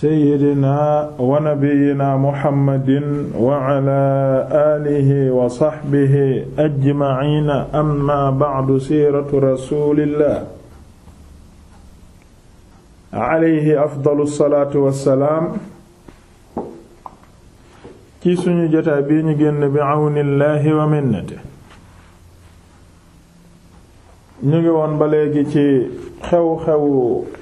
seyyidina wa nabiyina muhammadin wa ala alihi wa saxbihi ajmaciina amma bacdu siiratu rasulillah. alayhi ci suñu jotaay bii ñu génn bi awnillahi wa minnati. ñu ngi woon ba léegi ci xew-xewu.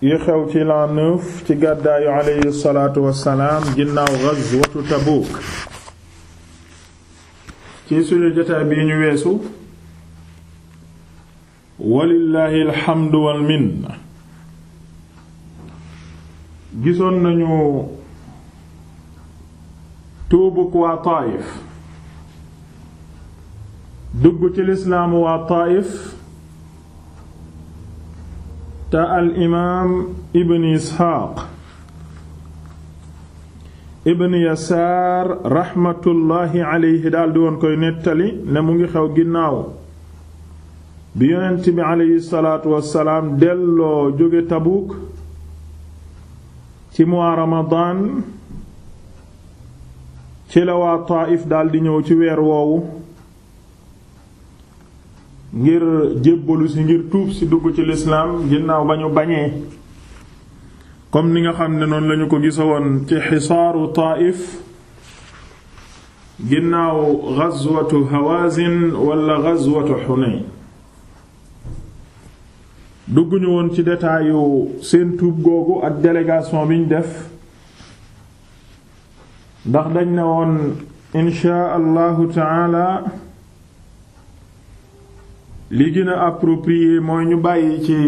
yi xew ci l'an ci gàddaayu aleyhi salaatu wassalaam ginnaaw ghazwatu Tabuk ci suñu jotaay bii ñu weesu walillahi alhamdu wal minna gisoon nañu tuubuk waa Taayif dugg ci lislaamu waa Taayif te al imaam ibn isxaaq ibn yasaar raxmatullaahi aleyhi daldi woon koy nettali ne mu ngi xew ginnaaw bi yonent bi aleyhi salaatu wassalaam delloo jóge tabuuk ci mois ramadaan ci la waa taaif daldi ñëw ci weer woowu ngir jébbalu si ngir tuub si dugg ci lislaam ginnaaw ba ñu bañee comme ni nga xam ne noon lañu ko gisawoon ci xisaaru Taa'if ginnaaw gazwatu Hawaazin wala gazwatu Xunayn dugg ñu woon ci detaayu seen tuub googu ak délégation bi ñu def ndax dañ ne woon inshaa Allahu taala li gën a approprié mooy ñu bàyyi ci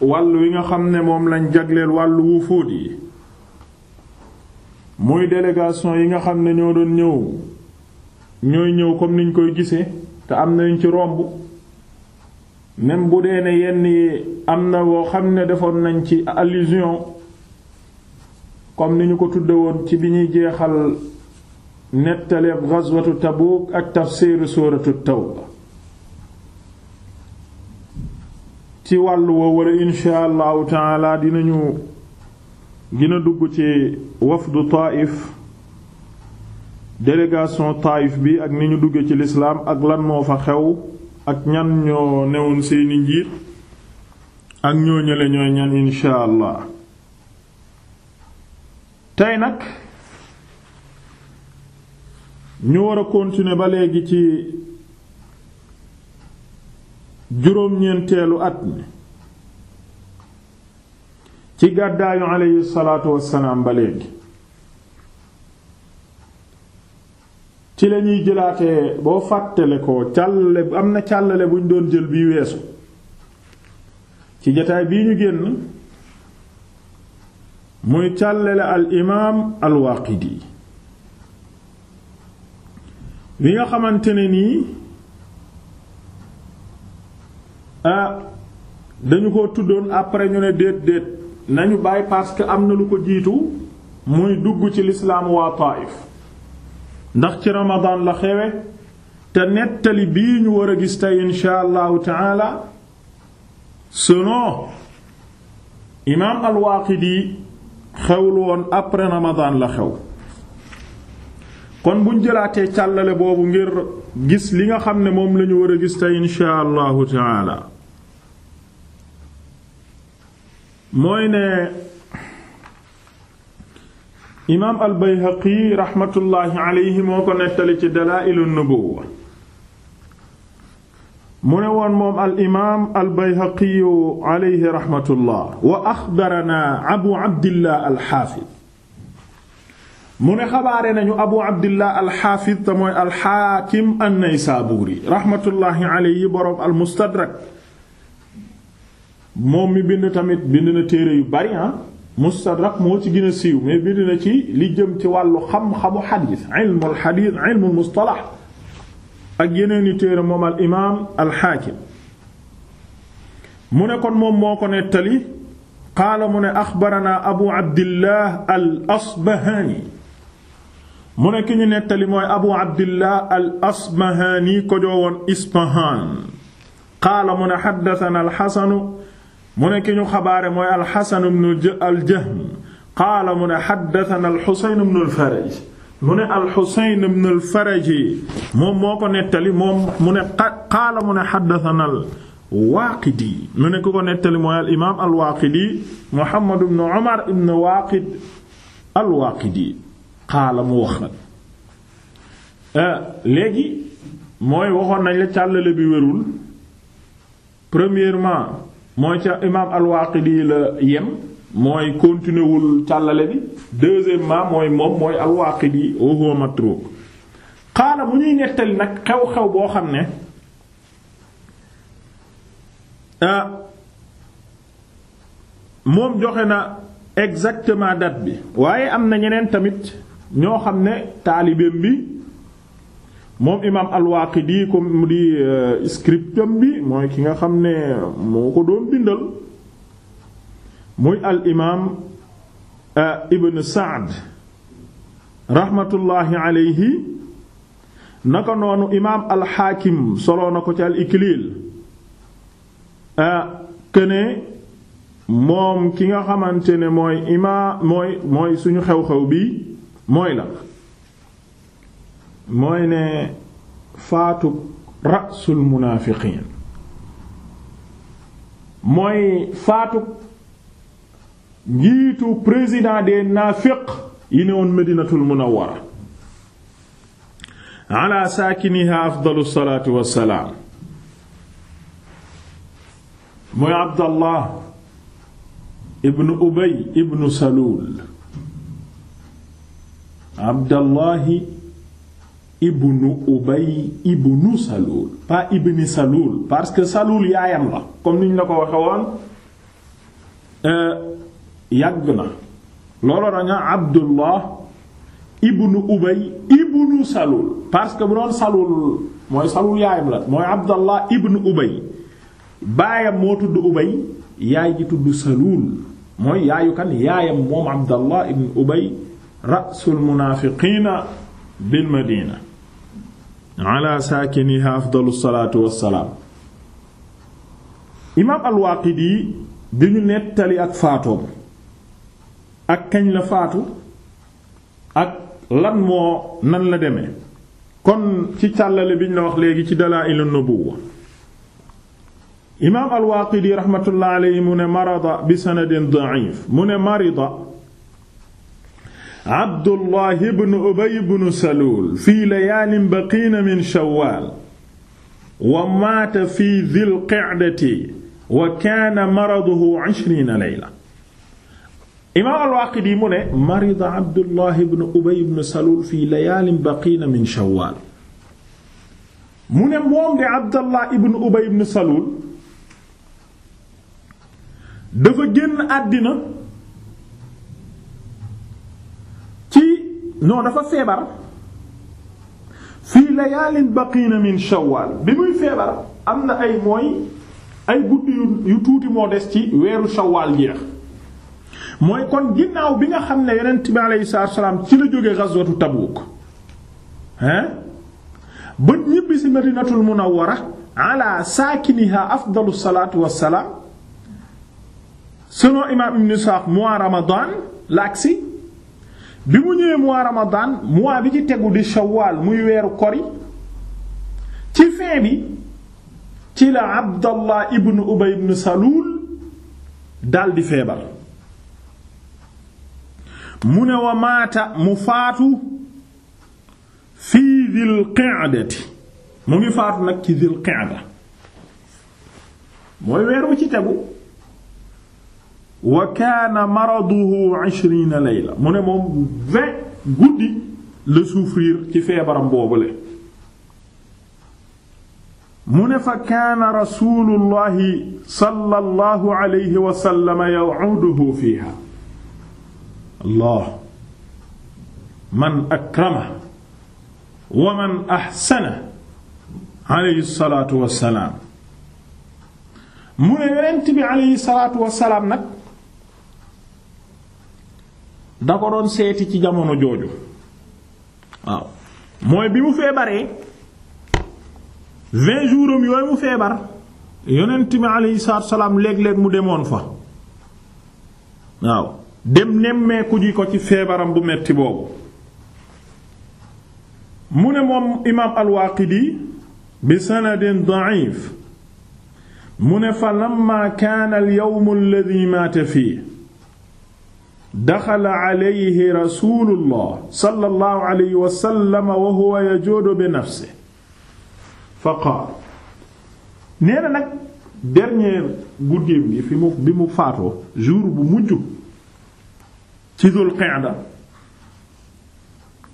wàll wi nga xam ne moom lañ jagleel wàllu wufuut yi muy délégation yi nga xam ne ñoo doon ñëw ñooy ñëw comme niñ koy gisee te am nañ ci romb même bu dee ne yenn yi am na woo xam ne defoon nañ ci allusion comme ni ñu ko tudde woon ci bi ñuy jeexal nettaleeb ghazwatu Tabuk ak tafsiru taw Tawba ci wàllu woo wara insha allahu dinañu gën a dugg ci wafdu Taif délégation Taif bi ak ni ñu dugge ci lislaam ak lan moo fa xew ak ñan ñoo newoon seeni njiit ak ñoo ñële ñooy ñan insha tey nag ñu war a ba léegi ci juróom-ñeenteelu at mi ci gàddaayu aleyhi salaatu wassalaam ba léegi ci lañuy jëlaate boo fàttale ko càllale am na càllale buñ doon jël bi weesu ci jataay bii ñu génn muy càllale al imaam al waaqidi bi nga xamante ne nii Ah, dañu ko tuddoon après ñu ne déet déet nañu bàyyi parce que am na lu ko jiitu muy dugg ci lislaam waa Taayif ndax ci Ramadan la xewe te nettali bii ñu war a gis tey insha allahu taala selon imaam al-Waaqidi xewul woon après Ramadan la xew kon buñ jëlaatee càllale boobu ngir gis li nga xam ne moom lañu war a gis tey insha allahu taala mooy ne imaam al bayhaqi raxmatullaahi aleyhi moo ko nettali ci dalaa'ilu nubuwwa mu ne woon moom al imaam al bayhaqi wa axbaranaa abu abdillah al mu ne xabaare nañu abu abdillah al xaafid te mooy al xaakim an-naysaabuuri raxmatullaahi aleyhi al mustadrak moom mi bind tamit bind na téere yu bari ah mustadrak moo ci gën a siiw mais bind na ci li jëm ci wàllu xam-xamu xadiis ilmul xadiis ilmul mustalax ak yeneeni téere moom al imaam al xaakim mu ne kon moom moo ko nettali qaala mu ne axbaranaa abu abdillah al asbahaani mu ne ki ñu nettali mooy abu abdillah al asbahaani ko joowoon ispahaan mu ne xaddatanaa al xasanu mu ne ki ñu xabaare mooy alxasan ibnu aljahm qaala mu ne xaddatana alxusayn ibnu alfaraj mu ne alxusayn ibnu alfaraj moom moo ko nettali moom mu ne qaala mu ne xaddatana alwaaqidi mu ne ku ko nettali mooy alimaam alwaaqidi muhammad ibnu umar ibnu waaqid alwaaqidi qaala mu wax euh, léegi mooy waxoon nañ la càllale bi wérul premièrement mooy ca imaam al la yem mooy continué wul càllale bi deuxièmement mooy moom mooy al-Waaqidi wa huwa matruuk xaala mu ñuy nettali nag xew-xew boo xam ne ah moom joxe na exactement date bi waaye am na ñeneen tamit ñoo xam ne taalibeem bi moom imaam al-Waaqidi comme di euh, scriptam bi mooy ki nga xam ne moo ko doon bindal muy al imaam euh, Ibn Saad rahmatullahi alayhi naka noonu imaam al-Xaakim soloo na ko ci al-Ikliil këne euh, moom ki nga xamante ne mooy imaam mooy mooy suñu xew-xew bi mooy la. mooy ne faatu rasul munaafiqiin mooy faatu njiitu président des naafiq yi ne woon medinatul munawwara ala saakiniha afdalu salaatu wassalaam mooy abdallah ibn ubay ibn saluul abdallahi ibnu ubay ibnu salul parce que salul yaayam la comme niñ la ko waxe woon euh, yàgg na looloo danga abdullah ibnu ubay ibnu salul parce que bu doon salul mooy salul yaayam la mooy abdallah ibnu ubay baayam moo tudd ubay yaay ji tudd salul mooy yaayu kan yaayam moom abdallah ibnu ubay rasul munaafiqiina bil madina ala saakiniha afdalu salaatu wassalaam imaam al-Waaqidi bi ñu nettali ak faatoom ak kañ la faatu ak lan moo nan la deme kon ci càllale bi ñu la wax léegi ci Dalaa'ilun Nubuwwa imaam al-Waaqidi raxmatullaahi alayhi mu ne marada bi sanadin da'if mu ne marida Abdullah ibn Ubay ibn Salul fii layaalin baqiina min Shawwal wa maata fii dhil qa'dati wa kaana maraduhu 'ishriina layla imaam al-Waaqidi mu ne marida Abdullah ibn Ubay ibn Salul fii layaalin baqiina min Shawwal mu ne moom de Abdallah ibn Ubay ibn Salul dafa génn àddina non dafa feebar fii layaalin baqiina min shawwal bi muy feebar am na ay mooy ay guddi yu tuuti moo des ci weeru shawwal jeex mooy kon ginnaaw bi nga xam ne yonent bi aleyhi salaatu ci la jóge ghazwatu Tabuk hein ba ñibbi si madinatul munawwara ala saakiniha afdalu salaatu wa salaam selon imaam Ibn Ishaq mois Ramadan laksi bi mu ñëwee mois ramadan mois bi ci tegu di shawwal muy weeru kori ci fin ci la abdallah ibn ubay ibn salul daldi feebar mu ne wa maata mu faatu fi dhil qa'dati mu ngi faatu nag ci dhil qa'da mooy weer wu ci tegu wa kaana maraduhu ishrina layla mu ne moom vingt guddi la souffrir ci feebaram boobule mu ne fa kaana rasulullahi sallallahu alayhi wa sallam yauduhu fiiha allah man akrama wa man axsana alayhi salaatu wassalaam mu ne yonent bi alayhi salaatu wassalaam nag da ko doon seeti ci jamono jooju waaw mooy bi mu feebaree vingt jours am yooyu mu feebar yonent mi alayhi salaatu salaam léeg-léeg mu demoon fa waaw dem nemmeeku ji ko ci feebaram bu metti boobu mu ne moom imaam al bi sanadin da'if mu ne fa lamma kaana al-yawm alladhi maata daxala alayhi rasulullah sallallahu alayhi wa sallam wa huwa yajuudu bi nafsi fa qaal nee na nag dernier guddeem gi fi bi mu faatoo jour bu mujj ci dul qa'da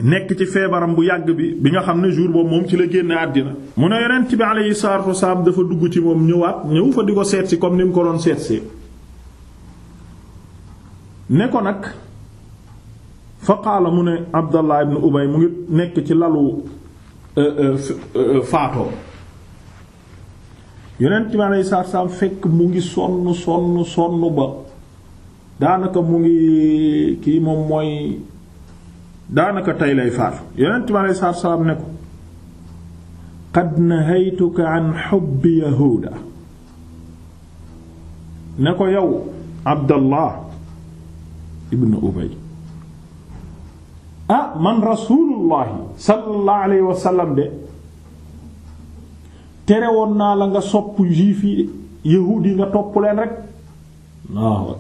nekk ci feebaram bu yàgg bi bi nga xam ne jour boobu moom ci la génn àddina mu ne yonent bi alayhi salaatu wasalaam dafa dugg ci moom ñëwaat ñëw fa di ko seetsi comme ni mu ko doon seetsee ne ko nag fa qaala mu ne Abdallah ibn Ubay mu ngi nekk ci lalu euh, euh, euh, faatoo yonent mi aleyhi salaatu salaam fekk mu ngi sonn sonn sonn ba daanaka mu ngi kii moom mooy daanaka tey lay faatu yonent mi aleyhi salaatu salaam ne ko qad nahaytuka an hubbi yahuuda ne ko yow Abdallah ibn ubay ah man rasulullahi sallallahu alayhi wa sallam de terewoon naa la nga sopp juif yi yahuud yi nga topp leen rek waaw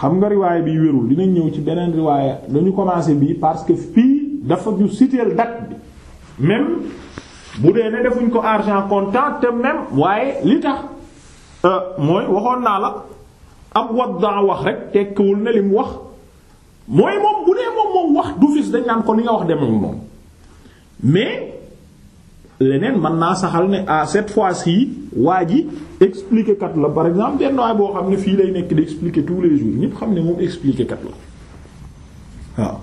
xam nga riwaay bi wérul dinañ ñëw ci beneen riwaay dañu commencé bii parce que fii dafa ñu citeel date bi même bu dee ne defuñ ko argent comptant te même waaye li tax euh, mooy waxoon naa la ab waddaa wax rek tekkiwul ne lim wax mooy moom bu dee moom moom wax du fis dañ naan ko li nga wax demewul noonu mais leneen mën naa saxal ne à ah cette fois-ci waa ji expliquer kat la par exemple benn waay boo xam ne fii lay nekk di expliquer tous les jours ñépp xam ne moom expliquer kat la waaw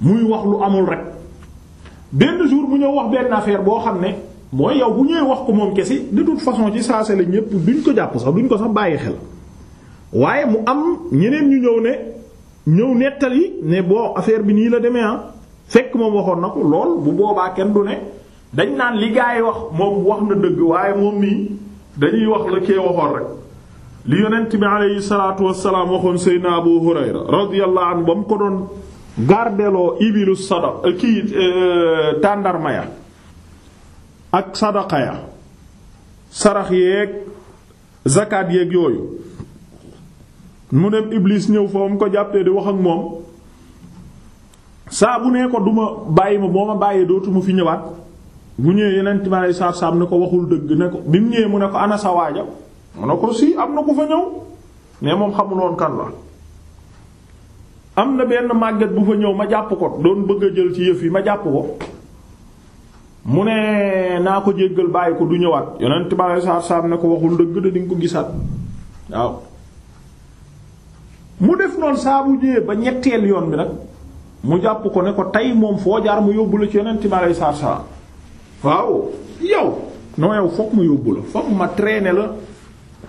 muy wax lu amul rek benn jour bu ñëw wax benn affaire boo xam ne mooy yow bu ñëwee wax ko moom kese de toute façon ci saa la ñépp duñ ko jàpp sax duñ ko sax bàyyi xel. waaye mu am ñeneen ñu ñëw ne ñëw nettali ne bon affaire bi nii la demee ah fekk moom waxoon na ko lool bu boobaa kenn du ne dañ naan li gaa wax moom wax na dëgg waaye moom nii dañuy wax la kee waxoon rek li yonent bi aleyhi salaatu wassalaam waxoon seydna abu hurayra radiyallahu anhu ba mu ko doon gardeloo ibilu sadaq eh, kii eh, tàndarma ya ak sadaqa ya sarax yeeg zakat yeeg yooyu mu dem Iblis ñëw fa mu ko jàppee di wax ak moom saa bu nee ko duma bàyyi ma boo ma bàyyee dootuma fi ñëwaat bu ñëwee yeneen timaare saabsaab ne ko waxul dëgg ne ko bi ñëwee mu ne ko ana sa waaja ko si am na ku fa mais moom xamuloon kan la. am na benn màgget bu fa ñëw ma jàpp ko doon bëgg a jël ci yëf yi ma jàpp ko mu ne naa ko jéggal bàyyi ko du ñëwaat yeneen timaare saabsaab ne ko waxul dëgg de di nga ko gisaat waaw. mu def noonu saa bu ba ñetteel yoon bi nag mu jàpp ko ne ko tey moom foo jaar mu yóbbu la ci yonent mi alayhi salaatu salaam waaw yow noo yow fokk mu yóbbu la fokk ma traîner la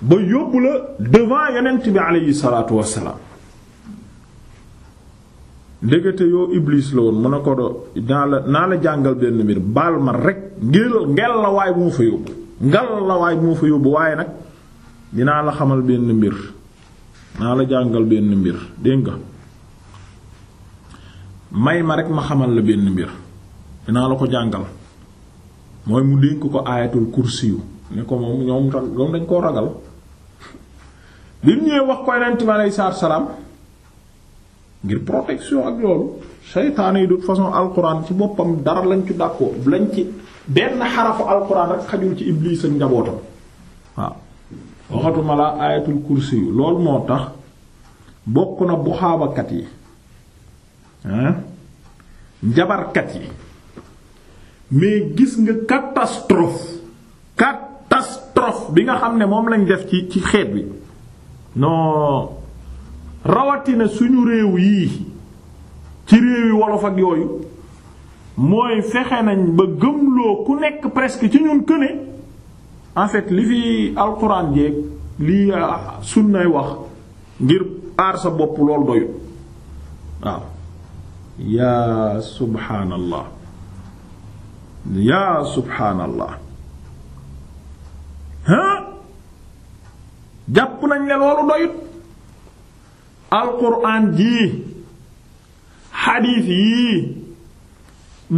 ba yóbbu la devant yonent bi alayhi salaatu wassalaam ndekete yoo Iblis la woon mu ne ko do naa la naa la jàngal benn mbir baal ma rek ngel ngel la waay bu ma fa yóbbu ngel la waay bu ma fa yóbbu waaye nag dinaa la xamal benn mbir naa la jàngal benn mbir dégg may ma rek ma xamal la benn mbir dinaa la ko jàngal mooy mu dénk ko aayatul kursiyu ne ko moom ñoom ñoom dañ koo ragal li mu wax ko yonent bi aleyhi salaatu salaam ngir protection ak loolu seytaane yi du façon alquran ci boppam dara lañ ci dàqoo lañ ci benn xarafu alquran rek xajul ci iblis ak njabootam waaw. waxatuma la ayatul kursi yu loolu moo tax bokk na bu xaabakat yi ah njabarkat yi mais gis nga catastrophe catastrophe bi nga xam ne moom lañ def ci ci xeet bi non rawatina suñu réew yii ci réew yi wolof ak yooyu mooy fexe nañ ba gëmloo ku nekk presque ci ñun këne en fait li fi alquran jeeg li ah, sunnay wax ngir aar sa bopp lool doyut waaw yaa subhaanallah yaa subhaanallah ha jàpp nañ ne loolu doyut alquran jii xadiis yii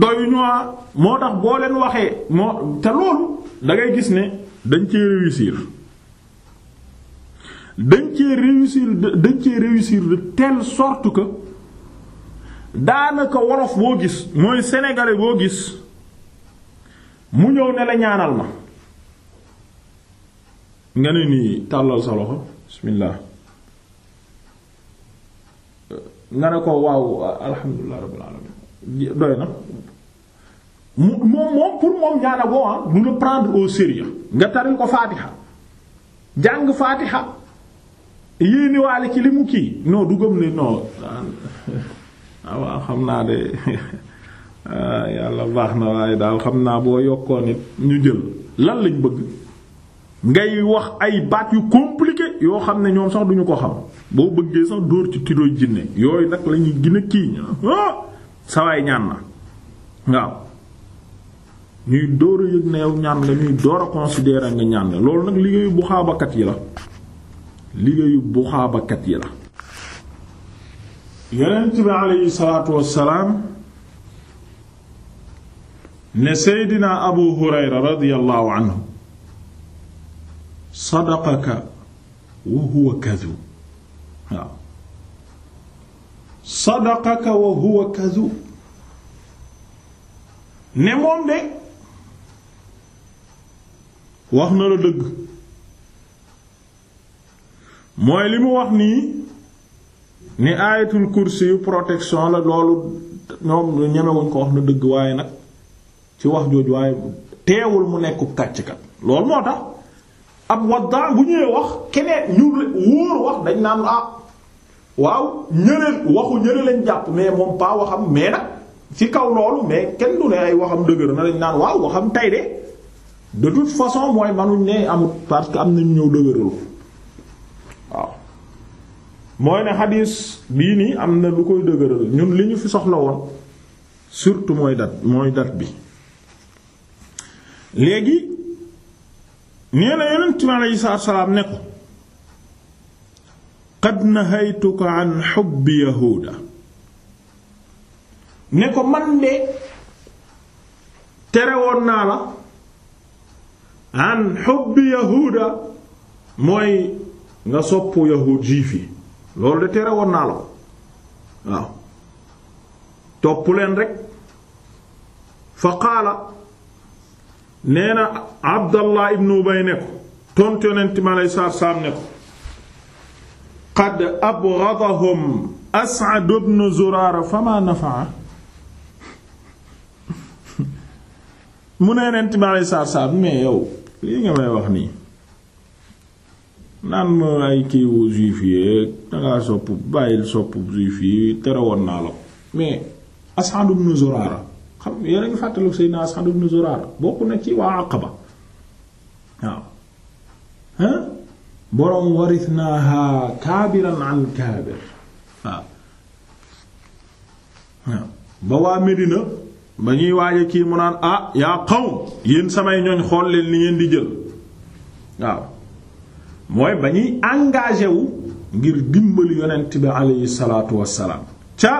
doyuñu ah. moo tax boo leen waxee moo te loolu da gis ne dañ cee réussir dañ cee réussir dañ cee réussir de telle daanaka wolof boo gis mooy sénégalais boo gis mu ñëw ne la ñaanal ma nga ne nii tàllal sa loxo bismillah nga ne ko waaw alhamdulilah rabbil alamin doy na moom moom pour moom ñaana boo ah du la prendre au sérieux nga taril ko faatiha jàng faatiha yéeniwaale ci li mu kii non du gëm ne non ah, waaw xam naa de ah, yàlla baax na waaye daal xam naa boo yokkoon it ñu jël lan lañ bëgg ngay wax ay baat yu compliqué yoo xam ne ñoom sax duñu ko xam boo bëggee sax dóor ci tiroy jinne yooyu nag lañuy gën a kii ah. sawaay ñaan na waaw ñuy door a yëg ne yow ñaan nga ñuy door a nga ñaan nga loolu nag liggéeyu bu xaabakat yi la liggéeyu bu yi la yonent bi aleyhi salaatu wassalaam ne seydina abu hurayra radiyallahu anhu sadaqaka wa huwa kadhub waaw sadaqaka wa huwa kadhub ne moom de wax na la dëgg mooy li mu wax nii ni ayatul kursi yu protection la loolu ñoom ñemewuñ ko wax na dëgg waaye nag ci wax jooju waaye teewul mu nekkub kàcckat loolu moo tax ab wadda bu ñëwee wax keneen ñu wóor wax dañ naan ah waaw ñëneel waxu ñëne lañ jàpp mais moom pas waxam mais nag ci kaw loolu mais kenn du ne ay waxam dëgër na dañ naan waaw waxam tay de de toute façon mooy manuñ ne amut parce que am nañ ñëw dëgëral waaw mooy ne xadiis bii nii am na lu koy dëgëral ñun li ñu fi soxla woon surtout mooy date mooy date bi léegi nee na yonent mi aleyhi ne ko qad nahaytuka an xubbi yahuuda ne ko man de tere woon naa la an xubbi yahuuda mooy nga sopp yahuud juif yi loolu de tere woon naa la ko waaw topp leen rek fa qaala nee na abdallah ibnu ubay ne ko tontu yonent mi aleyhi salaatu salaam ne ko qad abghadahum as'ad ibnu zuraara famaa nafa'a mu ne yonent bi alayhi salaatu salaam mais yow lii nga may wax nii naan ma ay kiiwu juif yi dangaa sopp bàyyil sopp juif yi tere woon naa la mais As'ad ibn Zurara xam yéen a ngi fàttaliku Seydina As'ad ibn Zurara bokk na ci waa Aqaba waaw hein boroom warithnaaha kaabiran an kaabir waaw waaw ba waa Medina ba ñuy waaje kii mu naan ah yaa qawm yéen samay ñooñ xool leen li ngeen di jël waaw mooy ba ñuy engagé ngir dimbali yonent bi aleyhi salaatu wassalaam ca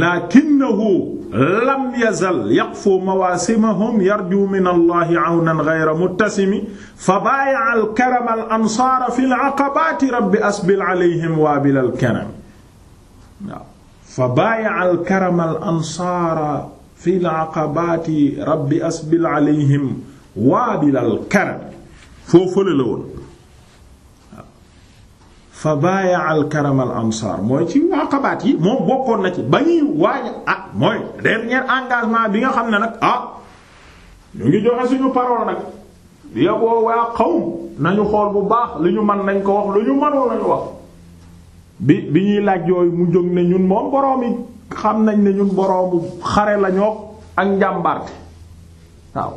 lakinnahu lam yazal yaqfu mawaasimahum yarju min allahi awnan gayra fa baaya'a al-karama fi al rabbi asbil alayhim waabil al-karam fa baayaa alkarama al ansaara fi laqabaati rabbi asbil alayhim waabil alkaram foo fële la woon fa baayaa alkarama mooy ci laqabaat yi moom bokkoon na ci ba ñuy waaja ah mooy dernier engagement bi nga xam ne nag ah ñu ngi joxe suñu parole nag yoboo waa xawm nañu xool bu baax lu ñu mën nañ ko wax lu ñu mënoon nañu wax bi bi ñuy laaj yooyu mu jóg ne ñun moom boroom yi xam nañ ne ñun boroomu xare lañoo ak njàmbarte waaw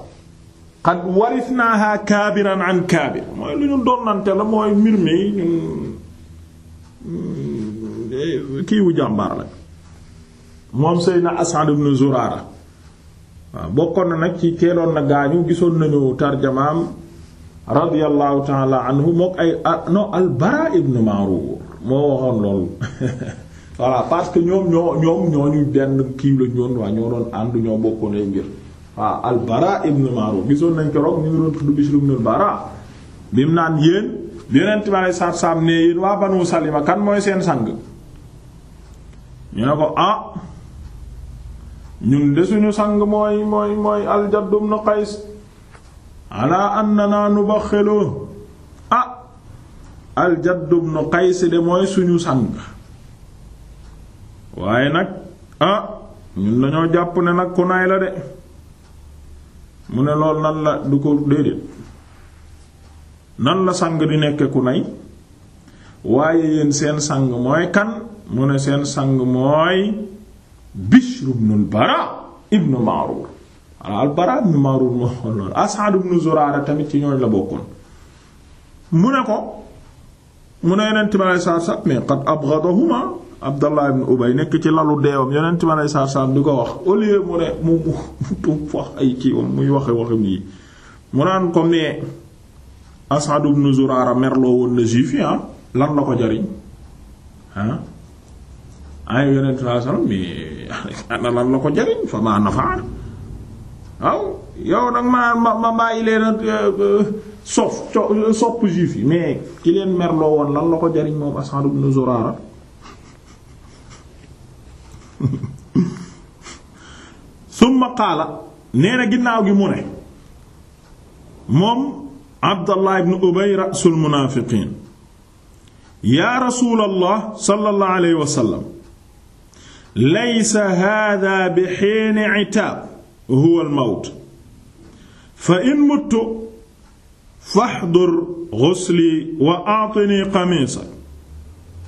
qad warithnaaha kaabiran an kaabir mooy lu ñu donnante la mooy mbir mi ñun mm, kiiwu jàmbaar la moom Seydina As'ad ibn Zurara waaw bokkoon na nag ci teeloon na gaañu gisoon nañu tarjamaam radiyallahu ta'ala anhu mook ay ah, no al Bara ibn Ma'ruf moo waxoon loolu voilà parce que ñoom ñoo ñoom ñooñu benn kiiw la ñoo doon ànd ñoo bokkoon ay mbir waaw al Bara ibn gisoon nañ keroog ñu ngi doon tudd Bishr ibn al Bara bi mu naan yéen yonent bi alei satu salaam ne yéen waa Banu Salima kan mooy seen sang ñu ne ko ah ñun de sang mooy mooy mooy al Jadd ibn Qays ala annana nubakhilu al Jadd ibn Qays de mooy suñu sang waaye nag ah ñun dañoo jàpp ne nag ku la de mu ne lool nan la du ko déedéet nan la sang di nekk ku waaye yéen seen sang mooy kan mu ne seen sang mooy Bishr ibn al-Bara ibn Ma'rur al-Bara ibn moo xool loolu As'ad ibn Zurara tamit ci ñooñ la bokkoon mu ne ko mu ne yonent ma saar saar mais qad abghadahuma Abdallah ibn Ubay nekk ci lalu deewam yonent ma lay saar saar ko wax au lieu mu ne mu mu wax ay kiiwam muy waxe waxam yi mu naan ko mais As'ad ibn Zurara merloo woon na juif yi ah lan la ko jariñ ah ay yonent ma lay mais ana lan la ko jariñ fa maa nafaa waaw yow nag ma ma ma bàyyi euh, euh, sof euh, sopp juif yi mais ki leen merloo woon lan la jariñ moom As'ad ibn Zurara summa qaala nee na ginnaaw gi mu ne moom Abdallah ibn Ubay ra'sul munaafiqiin yaa rasuulallah sallallahu alayhi wa sallam laysa haadaa bi hiin itaab huwa al mawt fa faxdur ghusli wa a'tini qamisa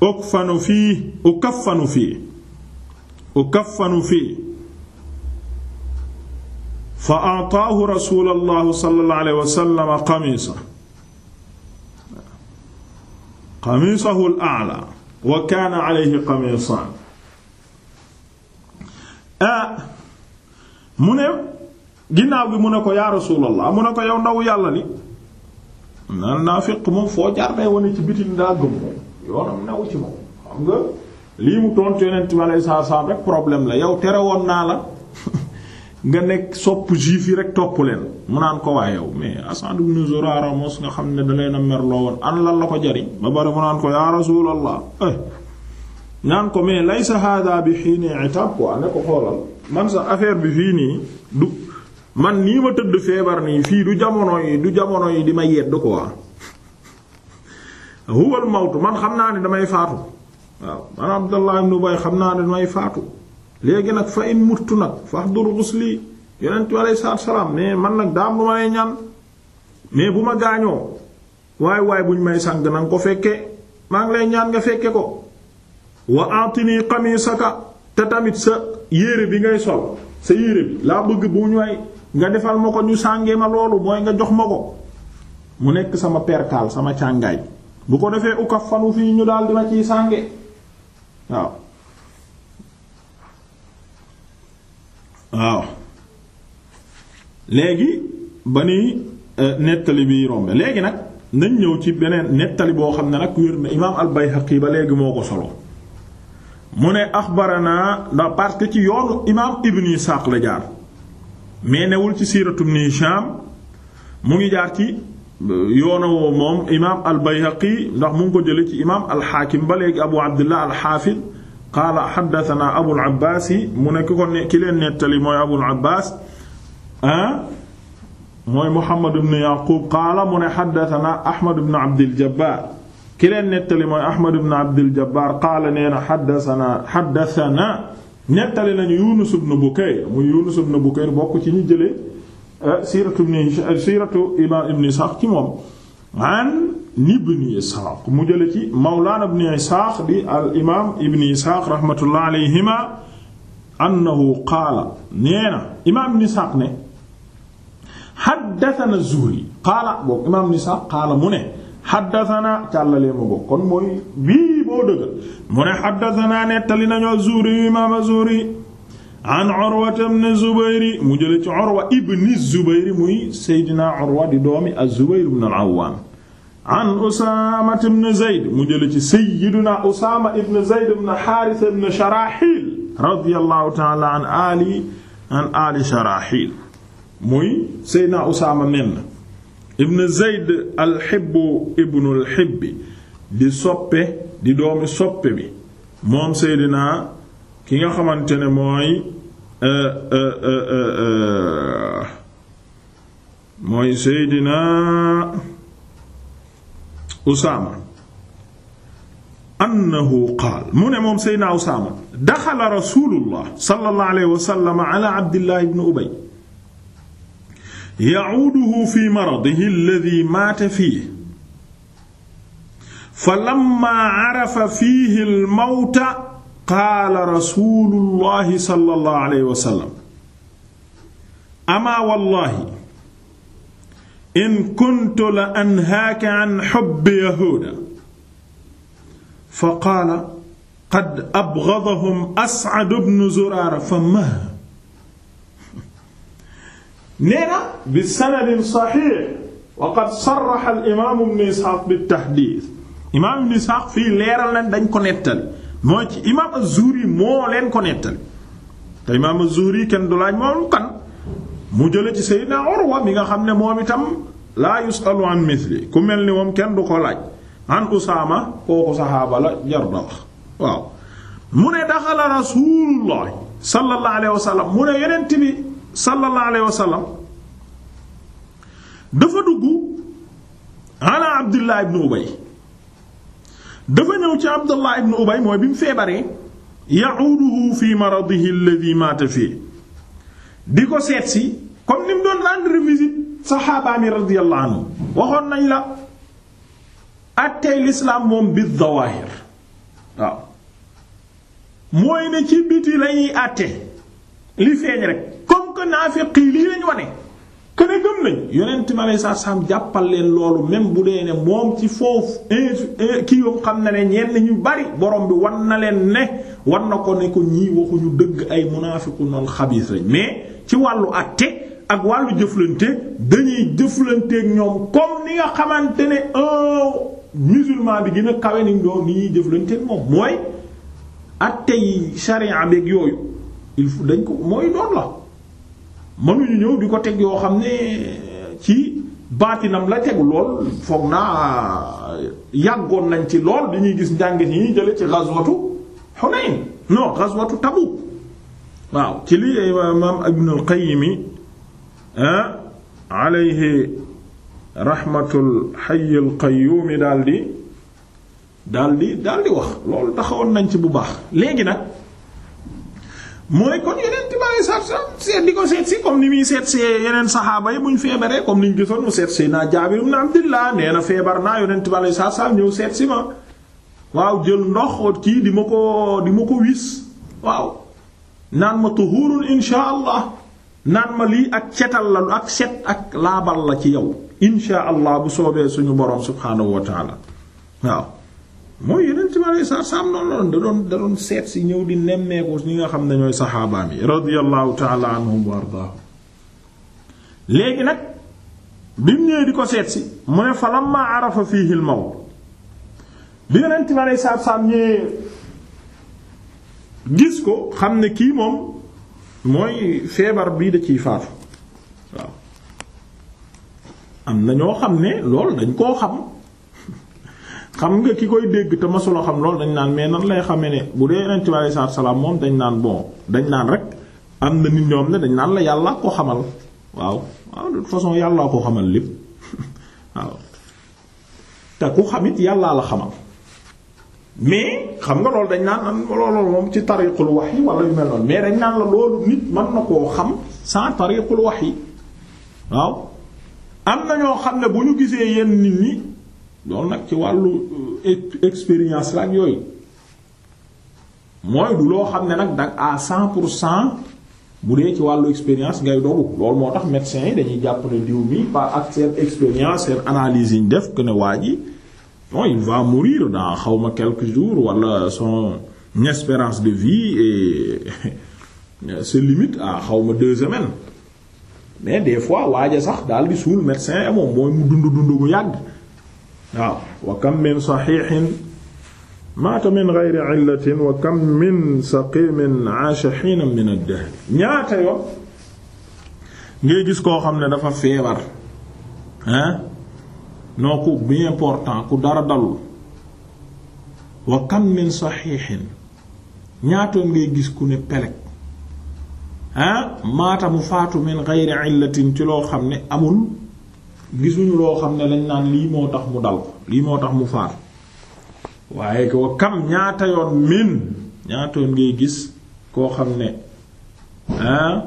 ukfanu fii ukaffanu fii ukaffanu fii fa a'taahu rasuulullah sallallahu alayhi wa sallam qamisa qamisahu al-a'la wa kaana alayhi qamisaan ah mu ne ginnaaw bi mu ne ko yaa rasuulallah mu ne ko yow ndaw yàlla li naan naafiq moom foo jaar day wane ci bitim daa gëm moom yoonam naw ci moom xam nga lii mu tontu yonent bi alayhi salaatu problème la yow tere woon naa la nga nekk sopp juif yi rek topp leen mu naan ko waa yow mais Asad ibn Zurara mos nga xam ne da leen a merloo woon an la ko jariñ ba bari mu naan ko yaa rasuulallah eh. naan ko mais laysa hada bi xiini itab quoi ne ko xoolal man sa affaire bi fii du man nii ma tëdd feebar nii fii du jamono yi du jamono yi di ma yedd quoi huwal mawtu man xam naa ne damay faatu waaw man Abdallah ibn Ubay xam naa ne damay faatu léegi nag fa in muttu nag fahduru ghusli yonent bi alayhi salaam mais man nag daam lu ma lay ñaan mais bu ma gaañoo waaye waaye bu ñu may sang na ko fekkee maa ngi lay ñaan nga fekke ko wa atini qamisaka te tamit sa yére bi ngay sol sa yére bi laa bëgg bu ñu way nga defal ma ko ñu sànge ma loolu mooy nga jox ma ko mu nekk sama perkaal sama càngaay bu ko defee uka fanu fii ñu daal di ma ciy sànge waaw waaw léegi ba ni euh, nettali bi rombe léegi nag nañ ñëw ci beneen nettali boo xam ne nag wér na imaam al-Bayhaqi ba léegi moo ko solo mu ne axbarana ndax parce que ci yoonu imaam Ibn Isaaq la jaar mais newul ci siiratu Ibn Hisham mu ngi jaar ci euh, yoona woo moom imaam al-Bayhaqi ndax mu ngi ko jële ci imaam al-Hakim ba léegi Abu Abdillah al-Hafiz qaala haddathana Abul Abbas yi mu nekk ko ne ki leen nettali mooy Abul Abbas ah mooy Muhammad ibn Yaqub qaala mu ne haddathana Ahmad ibn Abdil Jabbar ki leen nettali mooy Ahmad ibn Abdil Jabbar qaala nee na nettali nañu Yunus ibn Bukayr muy Yunus ibn Bukayr bokk ci ñu jëlee euh, siiratu ibn euh, siiratu imaam ibn ci moom mu jële ci mawlaana ibn Ishaq bi al imaam ibn Ishaq rahmatullah alayhima annahu qaala nee na imaam ibn Ishaq ne haddathana Zuhri qaala bokk imaam ibn qaala mu ne haddathana càllalee ma bokk kon mooy bii dëgër mu ne xaddatanaa nettali nañu azzuhri yu imaam azzuhri an urwa ibn zubayri mu jële ci urwa ibn zubayri muy seydina di doomi az-zubayr ibn al-awwam an usaama ibn zayd mu jële ci seydina usaama ibn zayd ibn xaaris ibn sharaxil radiyallahu taala an ali muy seydina usaama menn ibn zayd al-hibbu ibn al-hibbi di soppe di doomi soppe bi moom Seydina ki nga xamante ne mooy euh, euh, euh, mooy Seydina Usaama annahu qaal mu ne moom Seydina Usaama daxala rasulullah sallallahu alayhi wa sallam ala Abdillah ibn Ubay ya'uuduhu fi maradihi alladhi maata fiihi fa lamma arafa fiihi al mawta qaala rasuulullahi sallallahu alayhi wa sallam amaa wallaahi in kuntu la anhaaka an hubbi yahuuda fa qaala qad abghadahum As'ad ibn Zuraara fa ma nee na bi sanadin saxiix wa qad sarraha al imaam ibn Isxaaq bi tahdiid imaam Ibn Ishaq fii leeral nañ dañ ko nettali mooy ci imaam az moo leen ko nettali te imaam Az-Zuhri kenn du laaj moom kan mu jële ci Seydina Urwa mi nga xam ne moom itam laa yusalu an misli ku mel ni moom kenn du ko laaj an Usaama kooku saxaaba la jar da wax waaw mu ne daxala Rasuulullah sallallahu alayhi wa mu ne yonent bi sallallahu alayhi dafa dugg ala Abdullah ibn Ubay dafa ñëw ci Abdullah ibn Ubay mooy bi mu feebaree ya'uduhu fi maradihi alladhi mata fii di ko seet si comme ni mu doon rendre visite saxaabaami radiyallahu waxoon nañ la attey l'islam moom bi zawahir waaw mooy ne ci biti lañuy àtte li feeñ rek comme que naafiq yi lii lañ wane kene gëm nañ yonent mi aleyhi salaatu salaam jàppal leen loolu même bu dee ne moom ci foofu eh, kii yom xam na ne ñenn ñu bari borom bi wan na leen ne wan na ko ne ko ñii waxuñu dëgg ay munaafiku noonu xabiis lañ mais ci wàllu àtte ak wàllu jëflante dañuy jëflanteeg ñoom comme ni nga xamante ne un bi gën a kawe ni doon ni ñuy jëflanteeg moom mooy àtte yi sharia beeg yooyu il faut dañ ko mooy doon la mënuñu ñëw di ko teg yoo xam ne ci baatinam la tegu lool foog naa yàggoon nañ ci lool di ñuy gis njàngit yi ñuy jële ci ghazwatu Hunayn non ghazwatu Tabuk waaw ci li imaam Ibn al-Qayyim ah, alayhi rahmatul hayy al-qayyum daldi daldi daldi wax lool taxawoon nañ ci bu baax léegi nag mooy kon yeneen alayhi salaatu wa salaam seet di ko seet si comme ni muy seet see yeneen saxaaba yi buñ feebaree comme niñ gisoon mu seet see naa Jaabir ibn Abdillah nee na feebar naa yonent bi alayhi salaatu wa salaam ñëw seet si ma waaw jël ndox kii di ma ko di ko wis waaw naan ma tuhurun insha allah naan ma lii ak setal la ak set ak laabal la ci yow insha allah bu soobee suñu boroom subhaanahu wa waaw yonent bi seet si ñëw di ñi nga xam ne ñooy saxaabaam yi radiyallahu ta'ala anhum wa ardaahum léegi nag bi ñëwee di ko seet si mu ne fa lamma arafa fiihi al-mawt bi yonent bi alayhi ñëwee gis ko xam ne kii moom mooy feebar bii da ciy faatu waaw am na ñoo xam ne loolu dañ koo xam. xam nga ki koy dégg te masula xam loolu dañ naan mais nan lay xamee ne bu dee yonent bi alayhi salaatu salaam moom dañ naan bon dañ naan rek am na nit ñoom ne dañ naan la yàllaa ko xamal waaw waaw de toute façon yàllaa ko xamal lépp waaw te ku xamit yàllaa la xamal mais xam nga loolu dañ naan loolu moom ci tariqul wahyi wala yu mel noonu mais dañ naan la loolu nit mën na koo xam sans tariqul wahyi waaw am na ñoo xam ne bu ñu gisee yenn nit lool nag ci wàllu euh, expérience la ak yooyu mooy du loo xam ne nag dag à cent pour cent bu dee ci wàllu expérience ngay dogu loolu moo tax médecins yi dañuy jàpp ne diw mi par ak seen expérience seen analyse yi ñu def ko ne waa yi non il va mourir dans xawma quelques jour wala son espérance de vie et se limite à xawma deux semaines mais des fois waaja sax daal di suul médecin moom mooy mu dund dund bu yàgg waaw wa kam min saxiixin maata min geyri illatin wa kam min saqimin aasha min ad-dahr ñaata yoon ngay gis koo xam ne dafa feebar hein noo ku bien important ku dara dalul wa kam min saxiixin ñaata ngay gis ku ne peleg hein maata mu faatu min geyri illatin ci loo xam ne amul gisuñu loo xam ne lañ naan lii moo tax mu dal ko lii moo tax mu faat waaye ko kam ñaata yoon min ñaata ngay gis koo xam ne ah,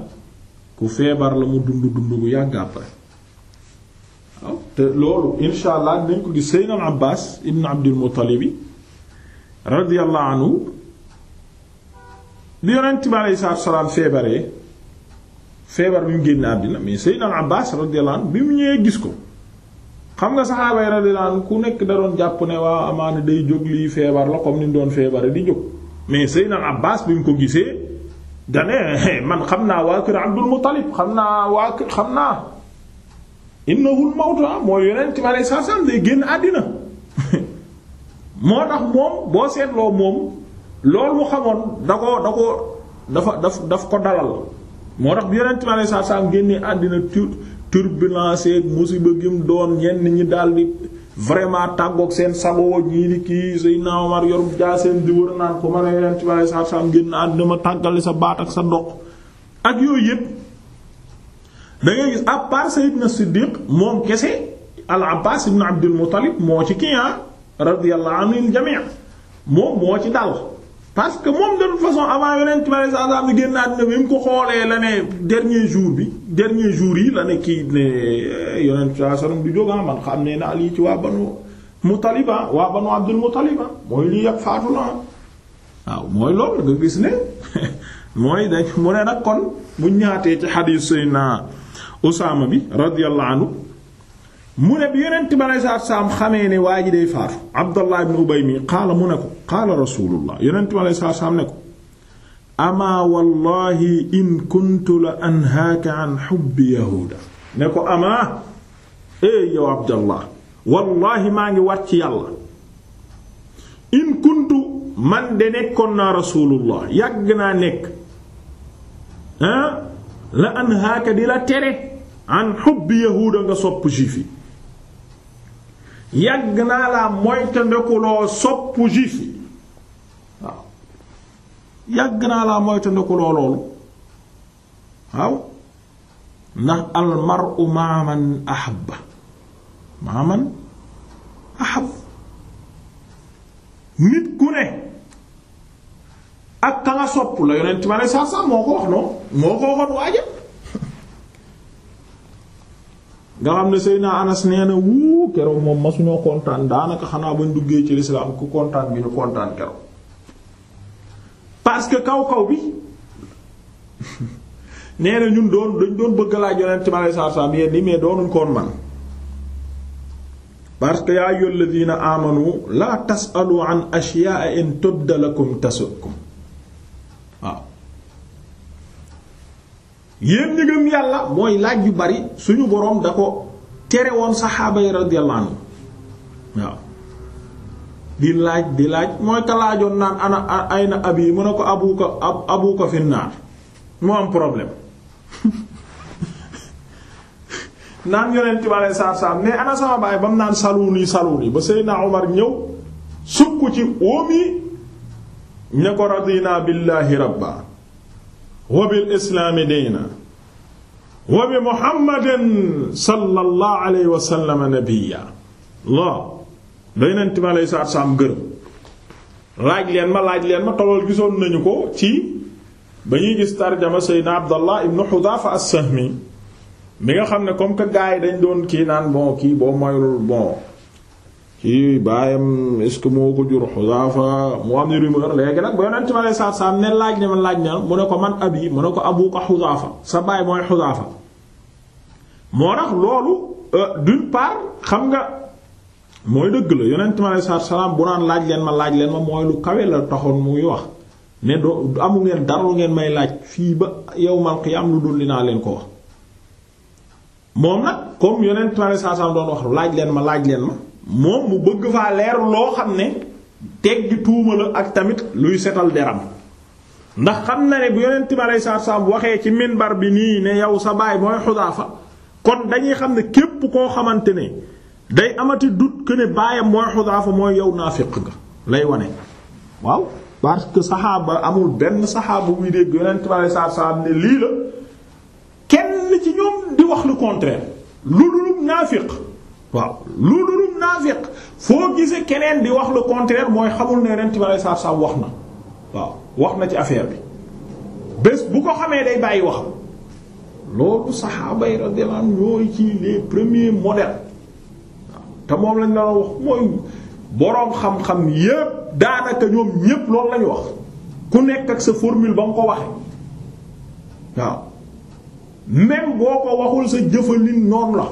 ku feebar la mu dund dund bu yàgg après waaw te loolu insha dañ ko gis seydna al abbas ibn abdul muttalibi radiyallahu anhu bi yonent bi aleyhi salaatu wa feebaree feebar bi mu génn àddina mais Seydina Abbas radiyallahu bi mu ñëwee gis ko xam nga saxaaba yi radiyallahu anhu ku nekk da doon jàpp ne waa amaana day jóg lii feebar la comme ni mu doon feebar di jóg mais Seydina Abbas bi mu ko gisee dane man xam naa waa kër Abdul Muttalib xam naa waa kër xam naa innahul mawta ah, yeneen ci bari sasam day génn àddina moo tax moom boo seetloo moom loolu mu xamoon da ko da ko dafa daf daf ko dalal moo tax bi yonent mi alayhi salaam génnee àddina tur turbulence ak musiba gim doon ñenn ñi daldi vraiment tàggoog seen sagoo ñii di kii Seydina Omar yorum jaa seen di wër naan ko man a yonent mi alayhi salaam génn àddina ma tàggale sa baat ak sa doq ak yooyu yépp da ngay gis à part Seydina Siddiq moom kese al Abbaas ibn Abdul Muttalib moo ci kii ah, radiyallahu anil jami' moom moo ci dal parce que moom de toute façon avant yonent bi alayhi salaam bi génn àddina bi mu ko xoolee la ne dernier jour bi dernier jour yi la ne kii ne eh, yonent bi salaam du jógaa ah, man xam ne naa lii ci waa banu Muttalib waa banu Abdul Muttalib mooy lii yàgg faatu la waaw mooy loolu nga gis ne mooy dañ mu ne nag kon bu ñaatee ci xadiis Seydina Usaama bi radiyallahu anhu mu ne bi yonent bi aleyhi salaatu xamee ne waa ji day Abdallah ibn Ubay mi qaala mu ne ko qaala rasulullah yonent bi aleyhi salaatu salaam ne ko amaa wallahi in kuntu la anhaaka an xubbi yahuuda ne ko amaa éy yow Abdallah wallahi maa ngi wàcc yàlla in kuntu man de nekkoon naa rasulullah yàgg naa nekk ah la anhaaka di la tere an xubbi yahuuda nga sopp juif yàgg naa laa moytandikuloo soppu juif yi waaw yàgg naa laa moytandikuloo loolu waaw ndax almaru maaman ahabba maaman ahab nit ku ne ak ka nga sopp la yonent ma ne saa saa moo ko wax noonu moo ko waxoon waajal nga xam ne Seydina Anas nee na wuu keroog moom masuñoo kontaan daanaka xanaa bañ duggee ci lislaam ku kontaan bi ñu kontaan keroog parce que kaw kaw bi nee ñun doon dañ doon bëgg laaj yonent ci malay saa saa yéen nii mais doonuñ koon man parce que yaa ayyuhal ladina amanu la tasalu an ashya'a in tubda lakum tasutkum yéen ñi yàlla mooy laaj yu bari suñu boroom da ko tere woon saxaaba yi radiyallahu anhu waaw di laaj di laaj mooy ka naan ana ay na ab yi mën a ko abuka abuka fi naar mu am problème naan yonent bi alei saatu salaam mais ana sama baay ba mu naan saluni saluni ba Seydina Omar ñëw sukk ci óom ña ko radina billahi rabba wa bil islaami diina wa bi muhammadin sallallahu alayhi wa sallam nabiyya loo daynent mi alayhi salaatu salaam laaj leen ma laaj leen ma tolool gisoon nañu ko ci ba ñuy gis tarjama seydna abdallah ibnu xudaafa as-sahmi mi nga xam ne comme que gars yi dañ doon kii naan bon kii boo moyul bon ci baayam est-ce que moo ko jur Xuzaafa mu am ni rumeur léegi nag ba yonent ma lay saat ne laaj ne laaj ne mu ko man abi mu ne ko abuka Xuzaafa sa baay mooy Xuzaafa loolu euh, d'une xam nga mooy dëgg la yonent ma lay bu naan laaj leen ma laaj leen ma mooy lu kawe la taxoon mu ngi wax ne doo amul ngeen dara lu ngeen may laaj fii ba yawmal qiyaam lu dul dinaa leen ko wax moom nag comme yonent ma lay saat doon wax laaj leen ma laaj leen ma moom mu bëgg faa leer loo xam ne teggi tuuma ak tamit luy setal deram ndax xam na ne bu yonent bi aleyhi salaatu salaam waxee ci bar bi nii ne yow sa baay mooy Xudaafa kon dañuy xam ne képp koo xamante ne day amati dut que ne baayam mooy Xudaafa mooy yow naafiq nga lay wane waaw parce que saxaaba amul benn saxaaba buy dégg yonent bi aleyhi salaatu ne lii la kenn ci ñoom di wax lu contraire lu dul naafiq waaw naafiq foo gisee keneen di wax la contraire mooy xamul ne ren timelay saaf saaf wax na waaw wax na ci affaire bi bés bu ko xamee day bàyyi wax loolu saxaaba yi radiyallahu anhum ci les premiers modèles waaw te moom lañ la wax mooy boroom xam-xam yépp daanaka ñoom ñépp loolu lañu wax ku nekk ak sa formule ba nga ko waxe waaw même boo ko waxul sa jëfalin noonu la.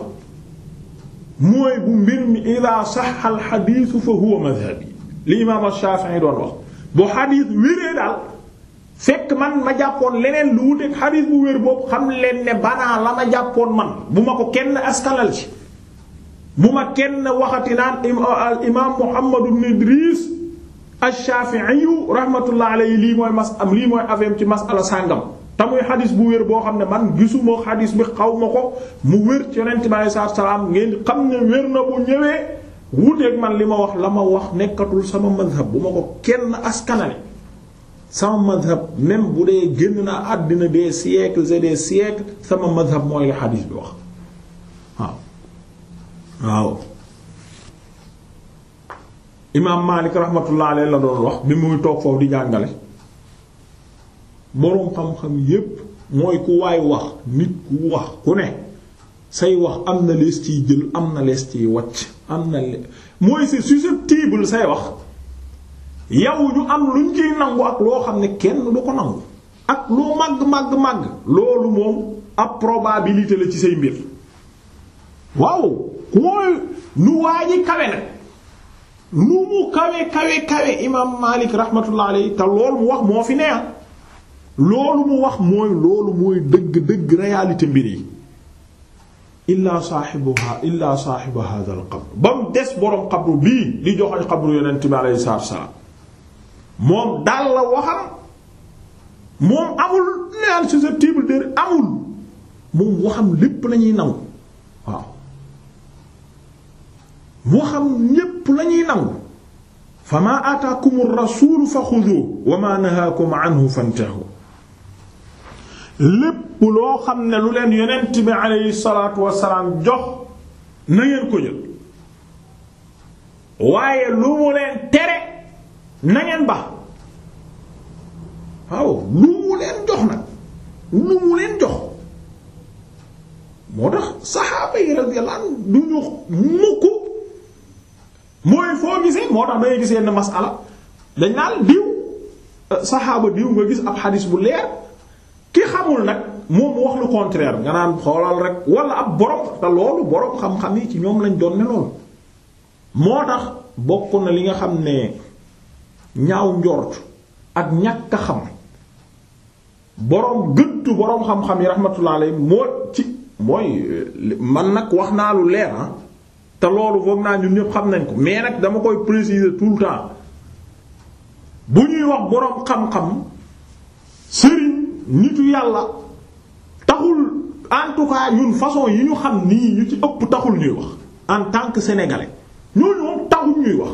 mooy bu mbir mi ila saxa alxadiisu fa huwa madhabi li imaam Shaafi'i doon wax bu xadiis wéree daal fekk man ma jàppoon leneen lu wuteeg xadiis bu wér boobu xam leen ne banaa la ma jàppoon man bu ma ko kenn askanal ci bu ma kenn waxati naan al imaam Muhammad ibn Idriis al-Shaafi'i rahmatullah alayhi lii mooy mas am lii mooy afeem ci masala sàngam te muy bu wér boo xam ne man gisuma xadis bi xaw ma ko mu wér ci yonent bi alei salaam ngeen xam ne wér na bu ñëwee wuuteeg man li ma wax la ma wax nekkatul sama madhab bu ma ko kenn askanale sama madhab même bu dee génn naa àddina des siècles et des siècles sama madhab la bi wax waaw waaw imaam Maalik rahmatullah la doon wax bi muy toog foofu di jàngale boroom xam-xam yépp mooy ku waay wax nit ku wax ku ne say wax am na lees ciy jël am na lees ciy wàcc am na mooy c'est susceptible say wax yow ñu am luñ ciy nangu ak loo xam ne kenn du ko nangu ak loo màgg màgg màgg loolu moom ab probabilité la ci say mbir waaw mooy nu waaji kawe nag nu mu kawe kawe kawe imaam Maalik rahmatullah alayhi te loolu mu wax moo fi neex ah. loolu mu wax mooy loolu mooy dëgg dëgg réalité mbir yi illaa saaxibuha illaa saaxibu hadha al qabr ba mu des boroom xabru bii di joxoñ xabru yonent bi aleyhi salaatu wasalaam moom daal la waxam moom amul naan susceptible de amul moom waxam lépp lañuy naw waaw waxam ñépp lañuy naw fa maa ataakum ar fa xuduuhu wa maa nahaakum anhu fantahu lépp loo xam ne lu leen yonent bi aleyhi salaatu wasalaam jox na ngeen waaye lu mu leen tere na ngeen ba waaw lu mu leen jox nag lu mu leen jox moo tax saxaaba yi radiyallahu anhu du ñu mukk mooy foo gisee moo tax dangay gisee ne masala dañ naan diw saxaaba diw nga gis ab xadiis bu leer ki xamul nag moom wax lu contraire nga naan xoolal rek wala ab borom te loolu borom xam-xam yi ci ñoom lañ doon ne loolu moo tax bokk na li nga xam ne ñaaw njort ak ñàkk xam borom gëttu boroom xam-xam yi rahmatullah alayhi moo ci mooy man nag wax naa lu leer ah, te loolu foog naa ñun ñëpp xam nañ ko mais nag dama koy préciser tout le temps bu ñuy wax borom xam-xam sëriñ nitu yàlla taxul en tout cas ñun façon yi ñu xam nii ñu ci ëpp taxul ñuy wax en tant que sénégalais ñooñu moom taxul ñuy wax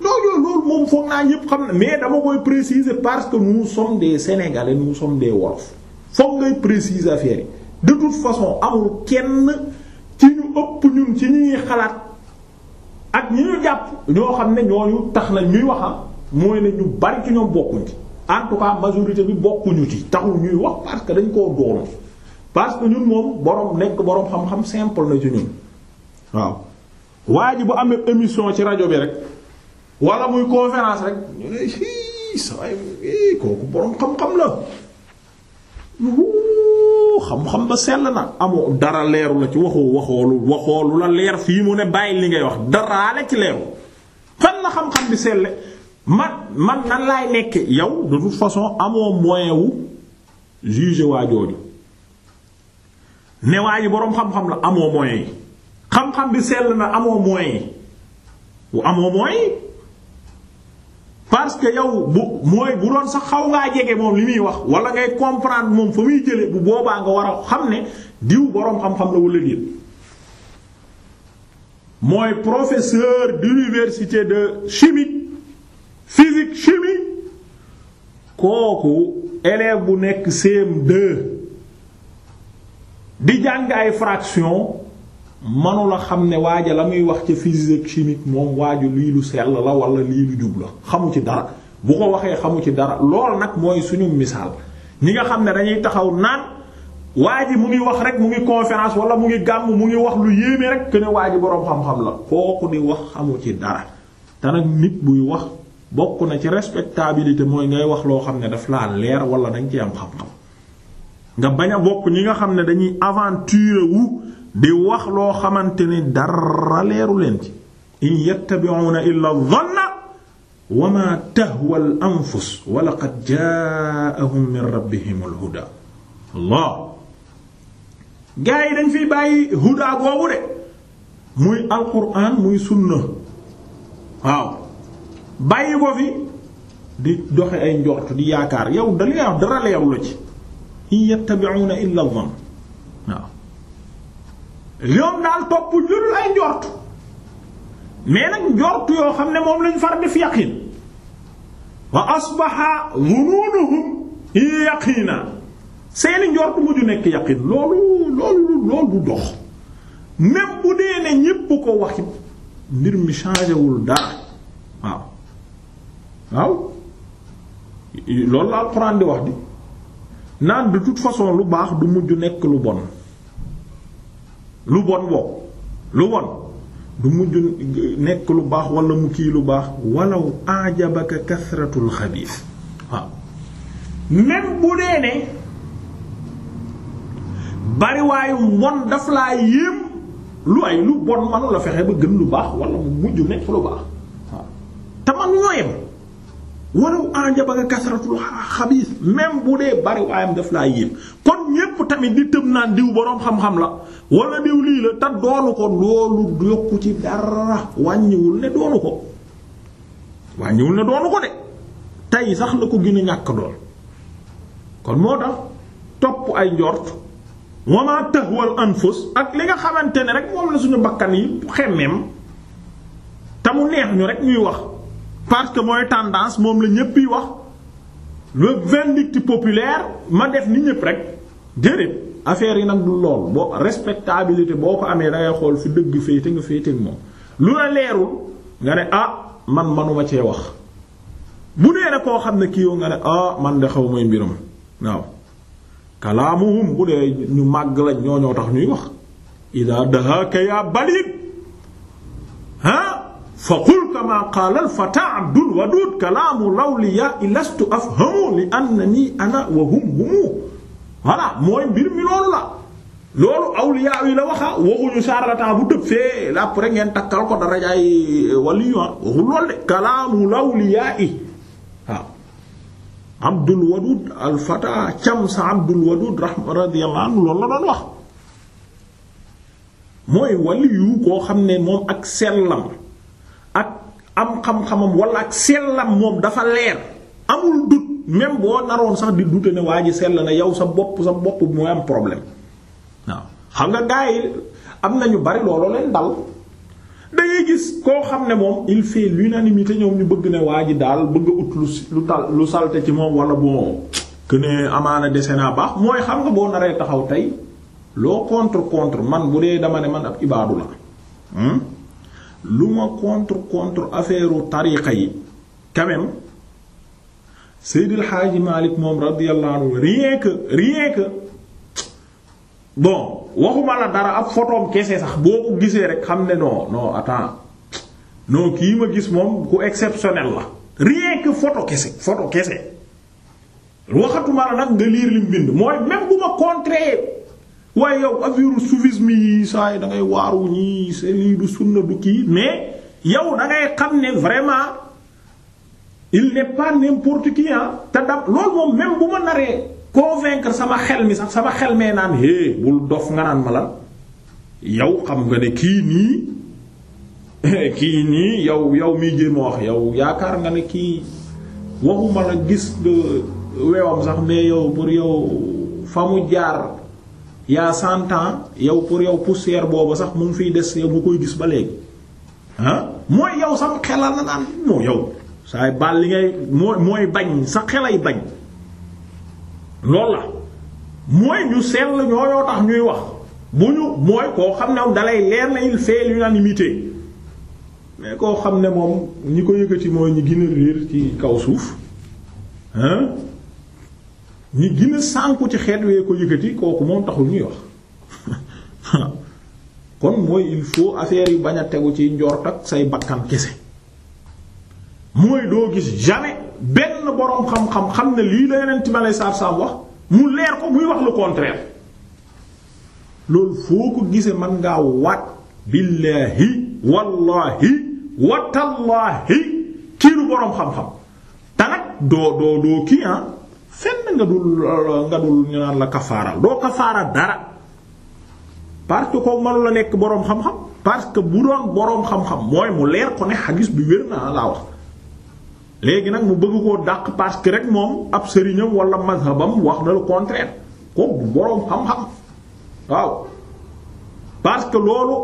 loolu loolu moom foog naa ñëpp xam na mais dama koy préciser parce que nous som dee sénégalais nous sommes des wolof foog ngay préciser affaire yi de toute façon amul kenn ci ñu ëpp ñun ci ñuy xalaat ak ñi ñu jàpp ñoo xam ne ñooñu tax na ñuy wax ah mooy ne ñu bari ci ñoom bokkuñ en tout bi bokkuñu ci taxul ñuy wax parce que dañ koo doon parce que ñun moom borom nekk borom xam-xam simple na ci ñun waaw waa ji bu amee émission ci rajo bi rek wala muy conférence rek ñu ne hii eh, kooku borom xam-xam la xam-xam ba sell na amoo dara leeru la ci waxoo waxoolu waxoolu la leer fii mu ne bàyyi li ngay wax daraa la ci leeru fan xam-xam bi selle man man nan laay nekke yow de toute façon amoo moyen wu juger waa jooju ne waa boroom xam-xam la amoo moyen yi xam-xam bi sell na amoo moyen yi wu amoo moyen yi parce que yow bu mooy bu doon sax xaw ngaa jege moom li muy wax wala ngay comprendre moom fa muy jële bu boobaa nga war a xam ne diw boroom xam-xam la wala déet mooy professeur d'université de chimie physique chimie kooku élève bu nekk CM2 di jàngaay ay fraction manula xam ne a la muy wax ci physique chimique moom waaju lii lu sell la wala lii lu jub la xamu ci dara bu ko waxee xamu ci dara lool nag mooy suñu misaal ñi nga xam ne dañuy taxaw naan waa ji mu ngi wax rek mu ngi conférence wala mu ngi gàmm mu ngi wax lu yéeme rek que ne waa ji boroom xam-xam la kooku di wax xamu ci dara te nag nit buy wax bokk na ci respectabilité mooy ngay wax loo xam ne daf laa leer wala dañ ci am xam-xam nga bañ a bokk ñi nga xam ne dañuy aventure wu di wax loo xamante ni dara leeru leen ci in yattabi'una illa dhanna wa ma tahwa al anfus wa laqad ja'ahum min rabbihim al huda gaa yi dañ fiy bàyyi huda googu de muy alquran muy sunna waaw bàyyi ko fi di doxe ay njort di yaakaar yow da dara leeru la ci in yattabi'una illa dhann waaw yoon daal topp jurul ay njort mais nag njort yoo xam ne moom lañ far def yaqin wa asbaha dhununuhum seeni njort mujj nekk yaqin loolu loolu loolu du dox même bu dee ne ñépp ko waxit mbir mi changé wul dara waaw waaw loolu la alxuraan di wax di naan de toute façon lu baax du mujj nekk lu bon lu bon boobu lu bon du mujj nekk lu baax walla mu kii lu baax walaw ajabaka kasratul xabiis waaw même bu dee ay lu bon manu fexe ba gën lu baax wala mu mujj nekk lu baax te man ñoo walaw anjabaka kasratul xabiis même bu dee bari waayam daf laa yéem kon ñépp tamit di tëb naan diw boroom xam-xam la wala diw lii la te doonu ko loolu yokku ci dara wàññiwul ne doonu ko wàññiwul ne doonu ko de tey sax la ko gën a ñàkk dool kon moo tax topp ay njort wama tahwal anfus ak li nga xamante ne rek moom la suñu bakkan yi xemmeem te mu neex ñu rek ñuy wax parce que mooy tendance moom la ñëpp yi wax le vindicte populaire ma def ni ñëpp rek déedéet affaire yi nag du lool boo respectabilité boo ko amee dangay xool fi dëgg féete nga féete ak moom lu la leerul nga ne ah man manuma cee wax bu nee na koo xam ne kii yoo nga ne ah man de xaw may mbiram waaw kalaamuhum bu dee ñu màgg lañ ñoo ñoo tax ñuy wax ida dahaka ya balid ha fa qul kama qaala al fata abdul wadud kalaamu lawliya ilastu afhamu li annani ana wa hum humu voilà mooy mbir mi loolu la loolu awliya yi la waxa waxuñu charlatan bu tëb fee la après ngeen takkal ko darajaay waliyu ah, waxul loolu de kalaamu lawliya abdul wadud al fata camsa abdul wadud radiyallahu anhu loolu la doon wax mooy waliyu koo xam ne moom ak sellam am xam-xamam wala ak sellam moom dafa leer amul dut même boo naroon sax di dute ne waa ji sell na yow sa bopp sa bopp mooy am problème waaw xam nga gars am na ñu bari looloo leen dal da ngay gis koo xam ne moom il fait te ñëw ñu bëgg ne waa ji daal bëgg ut lu lu lu salte ci moom wala bon que amaana dese naa baax mooy xam nga boo naree taxaw tey loo contre contre man bu dee dama ne man ab ibaadu la hmm? lu ma contre contre affaire tariqa yi quand même Seydil Hadji Malick moom radiyallahu anhu rien que bon waxuma la dara ab photoom kese sax boo ko gisee rek xam ne non non attends non kii ma gis moom ku exceptionnel la rien que kese photo kese waxatuma la nag nga liir lim bind mooy même bu ma contrer waaye yow affaire soufisme yi saa yi da ngay waaru ñii c'est sunna du kii mais yow da ngay xam ne vraiment il n'est pas n'importe te dam loolu moom même bu ma naree convaincre sama xel mi sax sama xel mee naan hé bul dof nga naan ma la yow xam nga ne kii nii kii nii yow yow mii jéem a wax yow yaakaar nga ne kii waxuma la gis weewam sax mais yow pour yow fa mu jaar yaa cent ans yow pour yow poussière boobu sax mu ngi fiy des yow mu koy gis ba léegi ah mooy yow sam xelal na naan moo yow saay baal li ngay mooy mooy bañ sa xelay bañ loolu la mooy ñu seetlu ñoo yoo tax ñuy wax bu ñu mooy koo xam ne dalay leer na il fait l'unanimité mais koo xam ne moom ñi ko yëkkati mooy ñi gën a réer ci kaw suuf hein ñi gën a ci xeet wee ko yëkkati kooku moom taxul ñuy wax kon mooy il faut affaire yu bañ a tegu ci njort ak say bakkan kese mooy doo gis jamais benn boroom xam-xam xam ne lii la yeneen ma lay saab wax mu leer ko muy wax le contraire loolu foo ko gisee mën ngaa waat billaahi wallaahi watallaahi kii lu boroom xam-xam te doo doo doo kii ah fenn nga dul nga dul naan la kafaaral doo kafaara dara parce que ko mënu la nekk boroom xam-xam parce que bu doon boroom xam-xam mooy mu leer ko ne xagis bi wér na laa wax léegi nag mu bëgg koo dàq parce que rek moom ab sëriñam wala mazhabam wax na le contraire kooku du boroom xam-xam waaw parce que loolu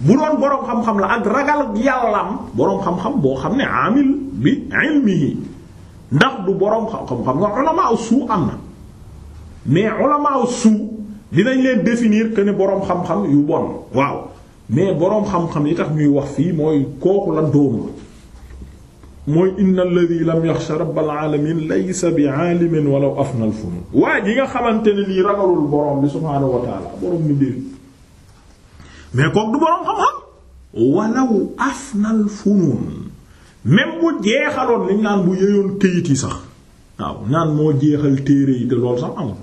bu doon boroom xam-xam la ak ragal yàllaam boroom xam-xam boo xam ne amil bi ilmihi ndax du boroom xam-xam nga ulama suu am na mais ulama suu dinañ leen définir que ne boroom xam-xam yu bon waaw mais boroom xam-xam yi tax ñuy wax fii mooy kooku la doonul mooy inna alladhi lam yaxsha rabbal alamin laysa bi aalimin walaw afna al funun xamante ne lii ragalul boroom même bu jeexaloon liñ naan bu yeyoon këyit yi sax waaw ñaan moo jeexal téere yi te loolu sax amul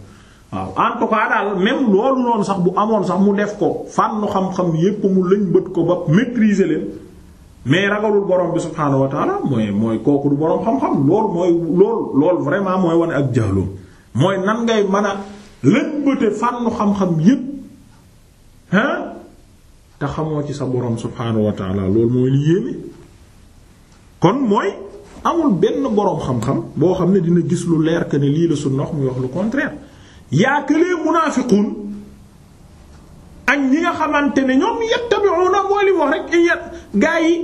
waaw en daal même loolu noonu sax bu amoon sax mu def ko fànn xam-xam yépp mu lëñbët ko ba maîtriser leen mais ragalul borom bi subhaanahu wa mooy mooy kooku du borom xam-xam loolu mooy loolu loolu vraiment mooy wane ak jaxloom mooy nan ngay mën a lëñbëte fànn xam-xam yépp hein te xamoo ci sa borom subhaanahu wa taala loolu mooy li yéeme. kon mooy amul benn boroom xam-xam boo xam ne dina gis lu leer que ne lii la sunna ndox muy wax lu contraire yaa que les ak ñi nga xamante ne ñoom yattabi'una mooy li wax rek yet gaa yi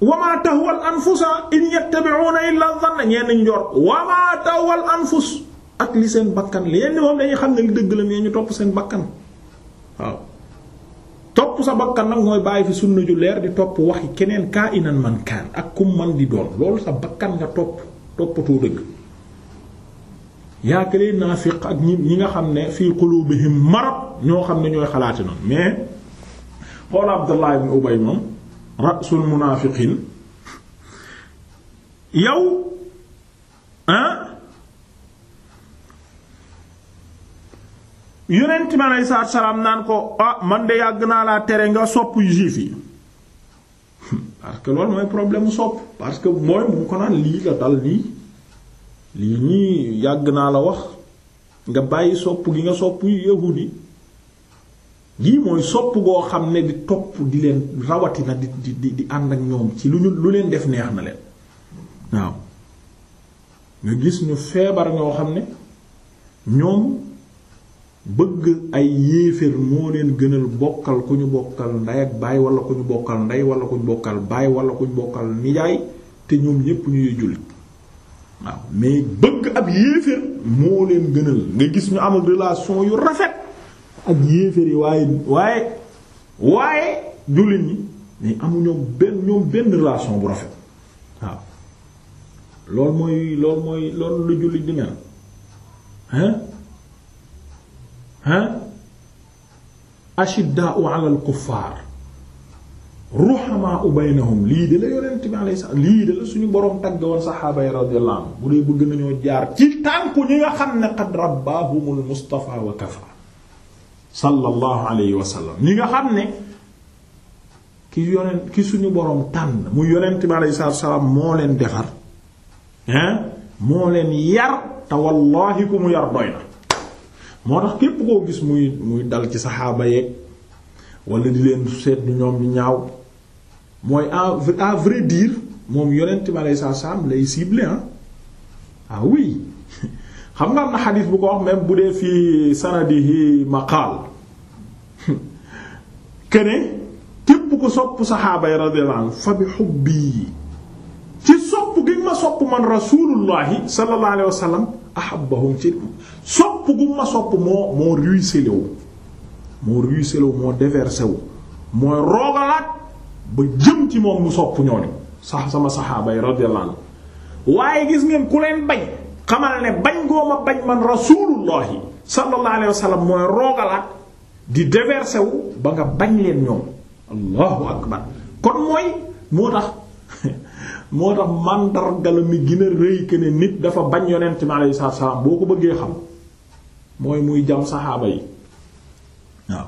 wamaa tahwal anfusa in yattabi'una illa dhanna ñenn njor wamaa tahwal anfus ak li seen bakkan la yenn moom dañuy xam ne li dëgg la mais ñu topp seen bakkan waaw topp sa bakkan nag mooy bàyyi fi sunna ju leer di topp wax yi keneen kaa inan man kaan ak kum man di doon loolu sa bakkan nga topp toppatoo dëgg yaakaar naafiq ak ñi ñi nga xam ne fii qulubihim marad ñoo xam ne ñooy xalaati noonu mais xool Abdullah ibn Ubay moom rasul munaafiqiin yow ah yonent mi aleyhi salaatu naan ko ah man de yàgg naa laa tere nga sopp juif yi parce que loolu mooy problème mu sopp parce que mooy mu ko naan lii la dal lii lii ñii yàgg naa la wax nga bàyyi sopp gi nga sopp yahudi lii mooy sopp goo xam ne di topp di leen rawatina di di di ànd ak ñoom ci lu ñu lu leen def neex na leen waaw nga gis ñu feebar ñoo xam ne ñoom. bëgg ay yéeféer moo leen gënal bokkal ku ñu bokkal ndey ak baay wala ku ñu bokkal ndey wala ku ñu bokkal baay wala ku ñu bokkal nijaay te ñoom ñépp ñuy jullit waaw mais bëgg ab yéeféer moo leen gënal nga gis ñu amul relation yu rafet ak yéeféer yi waaye waaye waaye jullit ñi mais amuñu benn ñoom benn relation bu rafet waaw loolu mooy loolu mooy loolu lu jullit di mel hein ashiddaa'u alal kuffaar ruhamaa'u baynahum lii de la yonent bi lii de la suñu borom tagg woon saxaaba yi bu dee bëgg nañoo jaar ci tànku ñi nga xam ne qad rabbaahumul xam ne ki yonent ki suñu borom tànn mu yonent bi alayhi moo leen defar hein moo leen yar te wallaahi ku mu yar doy na. moo tax képp koo gis muy muy dal ci saxaaba yeeg wala di leen seetlu ñoom ñu ñaaw mooy à vrai dire moom yonent mi alayhi salaam lay ciblé ah ah oui xam nga am na xadiis bu ko wax même bu dee fii sanadihi maqaal kene képp ku sopp saxaaba yi radiyallahu anhu fa bi xubbi yi ci sopp gi ma sopp man rasulullahi sallallahu alayhi ahabbahum ci sopp gu ma sopp moo moo ruisselé wu moo ruisselé wu moo déversé wu mooy roogalaat ba jëm ci moom mu sopp ñooñu sax sama saxaaba yi radiyallahu anhu waaye gis ngeen ku leen bañ xamal ne bañ goo ma bañ man rasulullahi sallallahu alayhi wa sallam mooy roogalaat di déversé wu ba nga bañ leen ñoom allahu akbar kon mooy moo tax moo tax màndargala mi gën a rëy que ne nit dafa bañ yonent mi alayhi salaatu salaam boo ko bëggee xam mooy muy jam saxaaba yi waaw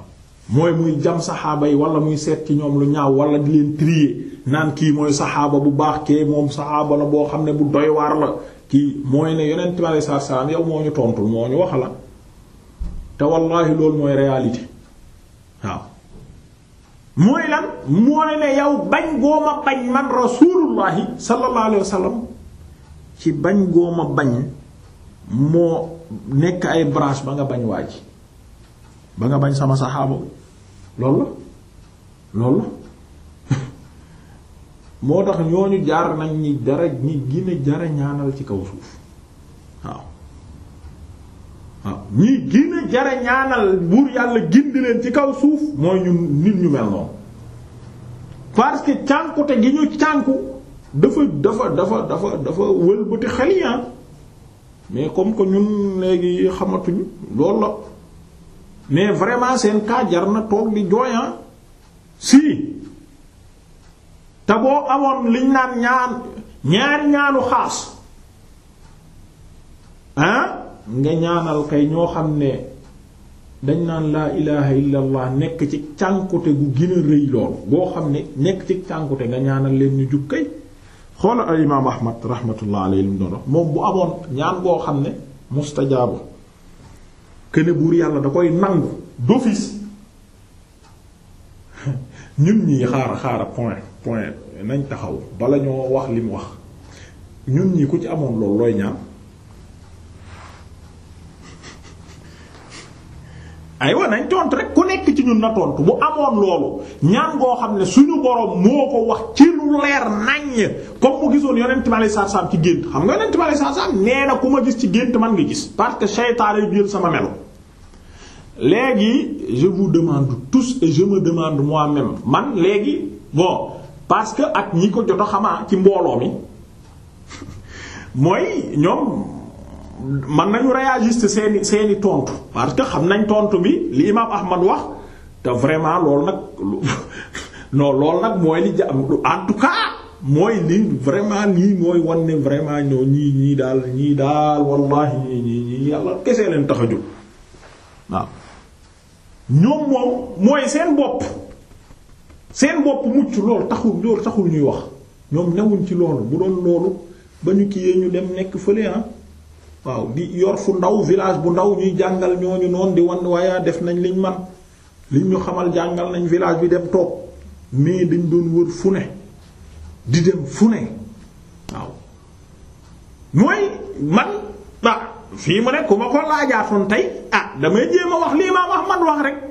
mooy muy jam saxaaba yi wala muy seet ci ñoom lu ñaaw wala di leen trier naan kii mooy saxaaba bu baax kee moom saxaaba la boo xam ne bu doy waar la kii mooy ne yonent mi alayhi salaatu salaam yow moo ñu tontu moo ñu wax la te wallaahi loolu mooy réalité waaw. mooy lan mooy ne yow bañ gooma bañ man rasulullahi sallallahu alayhi ci bañ gooma bañ moo nekk ay branche ba nga bañ waaj ji ba nga bañ sama saxaaba lool la loolu la moo tax ñooñu jaar nañ ñi dara ñi gën a jara ñaanal ci kaw suuf waaw waaw ah. ñi gën a jara ñaanal buur yàlla gindi ci kaw suuf mooy ñun nit ñu mel noonu parce que cànkute gi ñu cànku dafa dafa dafa dafa dafa wëlbati xel ah. mais comme que ñun léegi xamatuñu loolu la mais vraiment seen cas na toog di jooyan ah. si te boo amoon liñ naan ñaan ñaari ñaanu xaas ah nga ñaanal kay ñoo xam ne dañ naan laa ilaha illa nekk ci cànkute gu gën a rëy lool boo xam ne nekk ci cànkute nga ñaanal leen ñu jug kay xoola al imaam ahmad rahmatullah alayhi lim doon moom bu amoon ñaan boo xam ne mustajaabu këne buur yàlla da koy nangu dofis ñun ñii xaara xaara point point nañ taxaw bala ñoo wax li wax ñun ñii ku ci amoon loolu looy ñaan aywa nañ tontu rek ku nekk ci ñun na tontu bu amoon loolu ñaan ngoo xam ne suñu borom moo ko wax ci lu leer naññ comme mu gisoon yonent ma lay sarsam ci gént xam nga yonent ma lay sarsam nee na ku ma gis ci gént man nga gis parce que seytaane yu jël sama melo. léegi je demande tous et je demande moi-même man léegi bon parce que ak ñi ko jot a xamaa ci mbooloo mi mooy ñoom. man nañu réajuster seeni seeni tontu parce que xam nañ tontu bi li imaam Ahmad wax te vraiment loolu nag non loolu nag mooy li ja en tout mooy li vraiment lii mooy wan ne vraiment ñoo ñii ñii daal ñii daal wallahi ñii ñii ñii yàlla kese leen tax a jóg waaw ñoom moom mooy seen bopp seen bopp mucc loolu taxul loolu taxul ñuy wax ñoom newuñ ci loolu bu doon loolu ba ñu kiyee ñu dem nekk fële ah. waaw di yor fu ndaw village bu ndaw ñuy jàngal ñooñu noonu di wan waaye def nañ liñ man liñ ñu xamal jàngal nañ village bi dem toog mais dañ doon wër fu ne di dem fu ne waaw mooy man ah fii mu ne ku ma ko laajaatoon tey ah damay jéem a wax lii ma wax man wax rek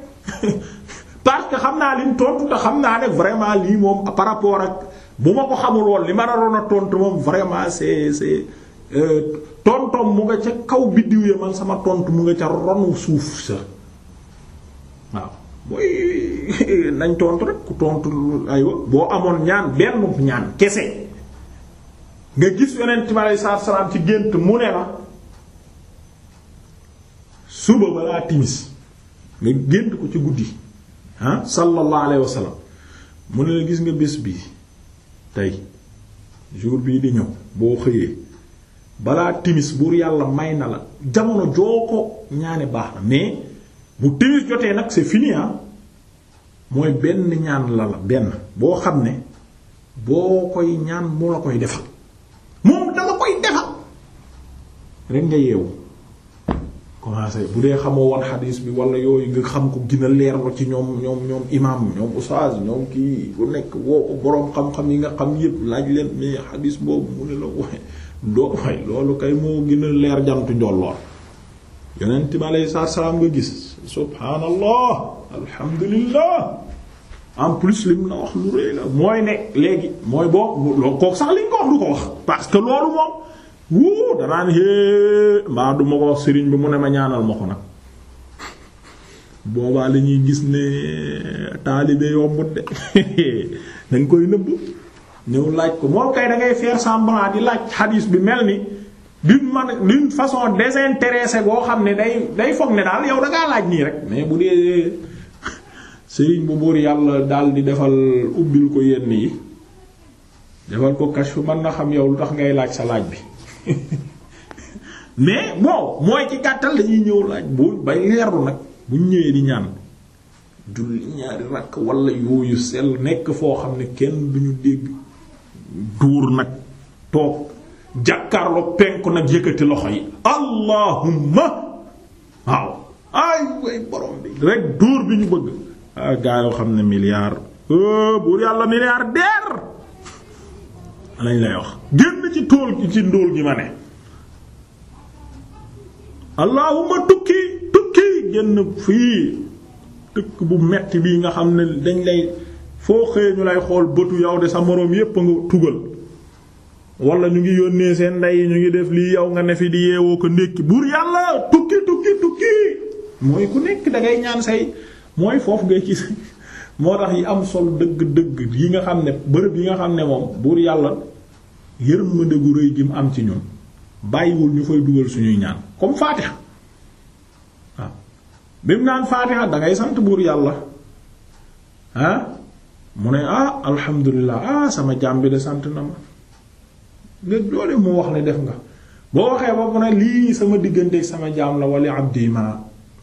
parce que xam naa liñ tontu te xam naa ne vraiment lii moom par rapport ak bu ma ko xamul woon li ma naroon a tontu moom vraiment c'est c'est Euh, tontom mu nga ca kaw biddiw ya man sama tont mu nga ca ronu suuf sa waaw mooy nañ tontu rek ku tontu aywa boo amoon ñaan benn ñaan kese nga gis yonent bi aleyhi salaatu salaam ci gént mu ne la timis nga gént ko ci guddi ah sallallahu alayhi mu ne la gis nga bés bii tey jour bii di ñëw boo xëyee. balaa timis buur yàlla may na la jamono joo ko ñaane baax na mais bu timis jotee nag si fini ah. mooy benn ñaan la la benn boo xam ne boo koy ñaan mu la koy defal moom dala koy defal rek nga yeewu commencé bu dee xamoo woon xadiis bi wala yooyu nga xam ko gën a leerlu ci ñoom ñoom ñoom imam ñoom oustaz ñoom kii ku nekk woo ko boroom xam-xam yi nga xam yépp laaj leen mais xadiis boobu mu ne la waxe doo way loolu kay moo gën leer jantu njolloor yonent bi aleyhi salaatu salaam nga gis subhaanallah alhamdulillah en plus lim na wax lu rëy la mooy ne léegi mooy boobu loo kook sax liñ ko wax du ko wax parce que loolu moom wuu danaan é mbaa du ko wax sëriñ bi mu ne ma ñaanal ma nag boobaa la gis ne taalibe yombut de danga koy nëbb ñëw laaj ko moom kay da ngay faire di laaj xadiis bi mel ni d'une man d'une façon désintéressée boo xam ne day day foog ne daal yow da laaj nii rek mais bu dee sëriñ bu buur yàlla daal di defal ubbil ko yenn yi defal ko kashfu man na xam yow lu tax ngay laaj sa laaj bi mais bon mooy ci gàttal dañuy ñëw laaj bu bay leerlu nag bu ñëwee di ñaan julli ñaari rakk wala yooyu sel nekk foo xam ne kenn bu ñu dégg duur nag toog jàkkaarloo penku nag yëkkati loxo yi allahumma waaw ay way borom bi rek duur bi ñu bëgg ah, gaa yoo xam ne milliard eh, buur yàlla milliardaire lañ lay wax génn ci tool ci ndóol gi ma ne allahumma tukki tukki génn fii tukk bu metti bii nga xam ne dañ lay foo xëyee ñu lay xool bëtu yow de sa moroom yépp nga tugal wala ñu ngi yónnee seen ndey ñu ngi def lii yow nga ne fi di yeewoo ko ndékki buur yàlla tukki tukki tukki mooy ku nekk dangay ñaan say mooy foofu ngay gis moo tax yi am sol dëgg-dëgg yi nga xam ne bërëb yi nga xam ne moom buur yàlla yërmande gu rëy gi mu am ci ñun bàyyiwul ñu fay dugal suñuy ñaan comme faatiha waaw bi mu naan faatiha dangay sant buur yàlla ah mu ne ah alhamdulilah ah sama jaam bi de sant na ma nga loolu moo wax ne def nga boo waxee ba mu ne lii sama digganteeg sama jaam la wala abdi ma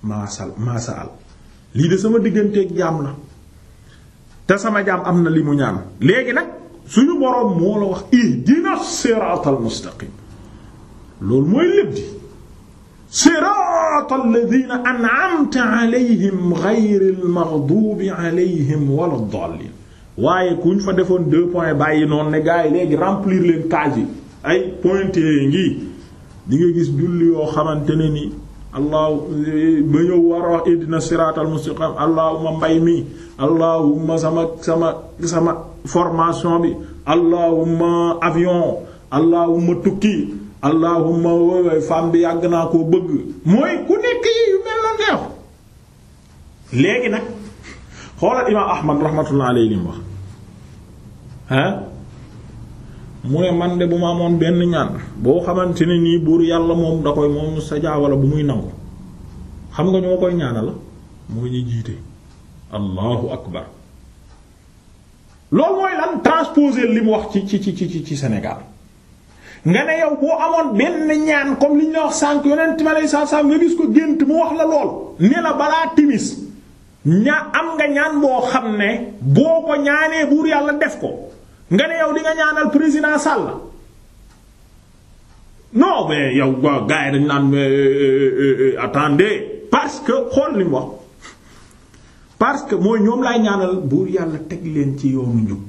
maa sal maa saal lii de sama digganteeg jaam la te sama jaam am na li mu ñaan léegi nag suñu boroom moo la wax ihdina siratal mustaqim loolu mooy lépp di siratal ladina an'amta alayhim ghayril maghdubi alayhim waladdallin waaye ñu fa defoon deux points bàyyi noonu ne gars yi léegi remplir leen case yi ay pointillés ngi li nga gis julli yoo xamante ne ni allah ba ñëw war a wax ihdina siratal mustaqim allahuma mbay mi allahuma sama sama sama formation bi allahuma avion allahuma tukki allahuma wooy femme bi yàgg naa ko bëgg mooy ku nekk yi yu mel noonu léegi nag xoolal imaam ahmad rahmatullah lim wax ah mu ne man de bu ma amoon benn ñaan boo xamante ne nii buur yàlla moom da koy moom sa jaawala bu muy nangu xam nga ñoo koy ñaanal mooy ñuy jiite allahu akbar loolu mooy lan transposer li mu wax ci ci ci ci ci Sénégal nga ne yow boo amoon benn ñaan comme li ñu la wax sànq yonent ma lay sànq nga gis ko gént mu wax la lool ne la balaa timis ña am nga ñaan boo xam ne boo ko ñaanee buur yàlla def ko. nga ne yow di nga ñaanal président Sall non mais yow gars yi dañ naan euh, euh, euh, attendez parce que xool li wax parce que mooy ñoom laay ñaanal buur yàlla teg leen ci yoonu njub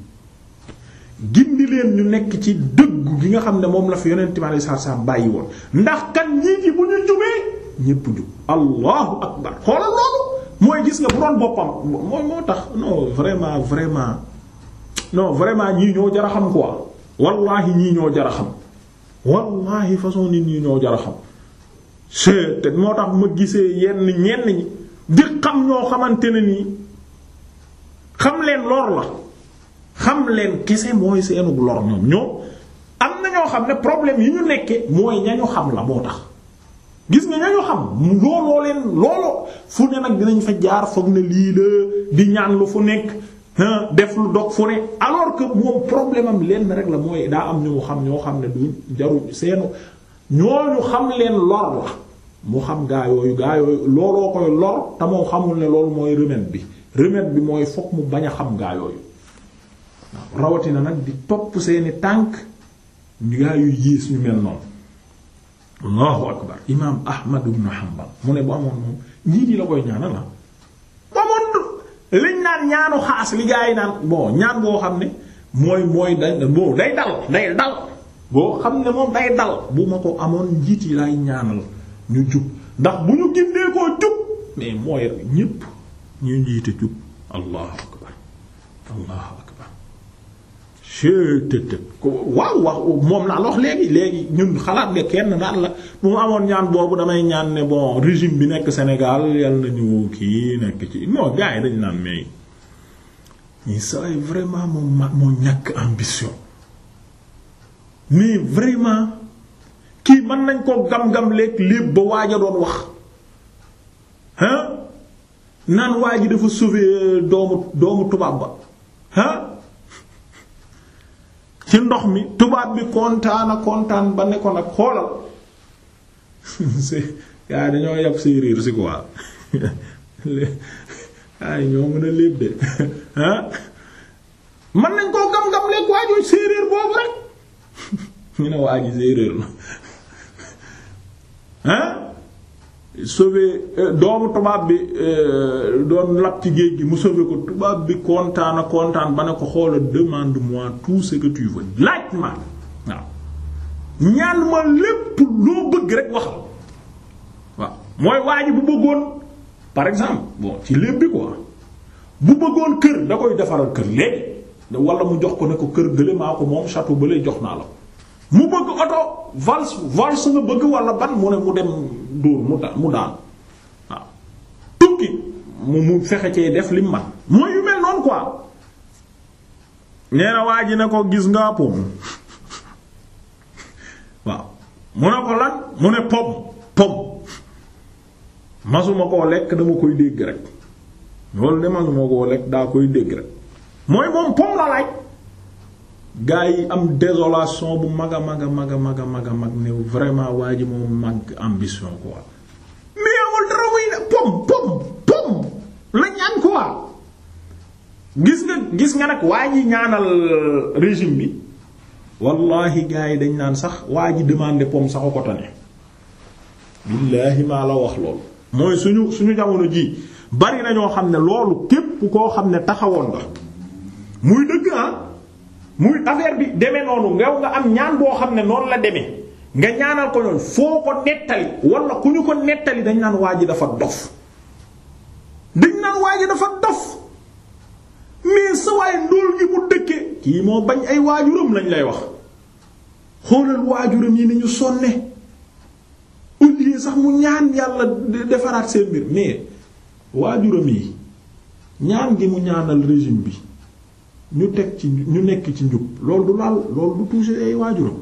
gindi leen ñu nekk ci dëggu gi nga xam ne moom la fi yeneen mi alayhi salaatu salaam bàyyi woon ndax kan njiit yi bu ñu jubee ñépp jub allahu akbar xoolal loolu mooy gis nga bu doon boppam moo tax no vraiment vraiment non vraiment ñii ñoo jar a xam quoi wallaahi ñii ñoo jar a xam wallaahi façon nit ñii ñoo jar a xam c'est te moo tax ma gisee yenn ñenn ñi di xam ñoo xamante ne nii xam leen lor la xam leen kese mooy seenu lor ñoom ñoom am na ñoo xam ne problème yi ñu nekkee mooy ñañu xam la moo tax gis nga ñañu xam looloo leen looloo fu ne nag dinañ fa jaar foog ne lii la di ñaan lu fu nekk def lu dog fu ne alors que moom problème lenn rek la mooy daa am ñu mu xam ñoo xam ne du jaru seenu ñooñu xam leen lor la mu xam gaa yooyu gaa yooyu looloo koy lor te moo xamul ne loolu mooy remède bi remède bi mooy fokk mu bañ a xam gaa yooyu rawatina nag di topp seeni tànk gaa yu yées ñu mel noonu allahu akbar imaam ahmad ibn hanbal mu ne bu amoon moom ñii di la koy ñaanal ah. liñ naan ñaanu xaas li gaa naan bon ñaan boo xam ne mooy mooy dañ bon day dal day dal boo xam ne moom day dal bu ma ko amoon njiit yi lay ñaanal ñu jub ndax bu ñu gindee koo jub mais mooy ñépp ñu njiite jub allahu akbar allahu akbar chtt waaw wax moom naa lox léegi léegi ñun xalaat nga kenn naan la bu ma amoon ñaan boobu damay ñaan ne bon régime bi nekk senegaal yal nañu kii nekk ci non gars dañ naan mais ñi say vraiment moom ma mu ñàkk ambition mais vraiment kii man nañ koo gam-gam léeg lépp ba waaj a doon wax ah naan waa ji dafa sauver doomu doomu tubaab ba ah ci ndox mi tubaab bi kontaan kontaan ba ne ko ak xoolal gaa yi dañoo yab séeréer si quoi ay ñoo mën a léeb de ah man nañ koo gam-gam lekk waaju séeréer boobu rek ñu ne waaju séeréer la ah sauvé euh, doomu tubaab bi euh, doon lap ci géej gi mu sauvé ko tubaab bi kontaan na kontaan ba ne ko xool demande-moi tout ce que tu veux laaj ma waaw ñaan ma lépp loo bëgg rek wax waaw mooy waa ji bu bëggoon par exemple bon ci lépp bi quoi bu bëggoon kër da koy defaral kër léegi wala mu jox ko ne ko kër gële maa ko moom château bële jox naa la mu bëgg oto vals vals nga bëgg wala ban mu ne mu dem dóor mu daan mu daan tukki mu mu fexe cee def lim man mooy yu mel noonu quoi nee waa ji ne ko gis nga pom waaw mu ne ko lan mu ne pom pom masuma koo lekk dama koy dégg rek loolu de masuma koo lekk daa koy dégg rek mooy moom pom la laaj gaa yi am désolation bu mag a mag a mag a mag a mag a mag ne vraiment waa ji moom mag ambition quoi mais amul dara muy pom pom pom lañ am quoi gis nga gis nga nag waa ji ñaanal régime bi wallahi gaa yi dañ naan sax waa ji demandé pom sax ko tane billaahi maa la wax loolu mooy suñu suñu jamono ji bari na ñoo xam ne loolu képp koo xam ne taxawoon nga muy dëgg ah. muy affaire bi demee noonu ngew nga am ñaan boo xam ne noonu la demee nga ñaanal ko noonu foo ko nettali wala ku ñu ko nettali dañ naan waa ji dafa dof dañ naan waa ji dafa dof mais sa waay ndóol gi mu dëkkee kii moo bañ ay waajuram lañ lay wax xoolal waajuram yi ni ñu sonne au lieu sax mu ñaan yàlla defaraat seen mbir mais waajuram yi ñaan gi mu ñaanal régime bi ñu teg ci ñu nekk ci njub loolu du laal loolu du touché ay waajuram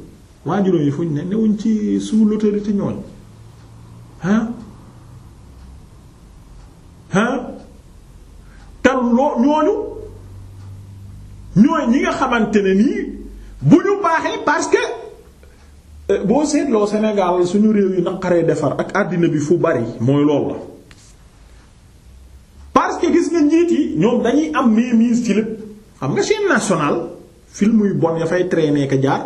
waajuram yi fuñ ne newuñ ci sous l'autorité ñooñ ah ah tam loo ñooñu ñooy ñi nga xamante ne nii bu ñu baaxee parce que euh, boo seetloo Sénégal suñu réew yi naqaree defar ak àddina bi fu bari mooy loolu la parce que gis nga njiit yi ñoom dañuy am mainmise ci lépp. xam nga chaîne nationale film yu bon ya fay traîner ka jaar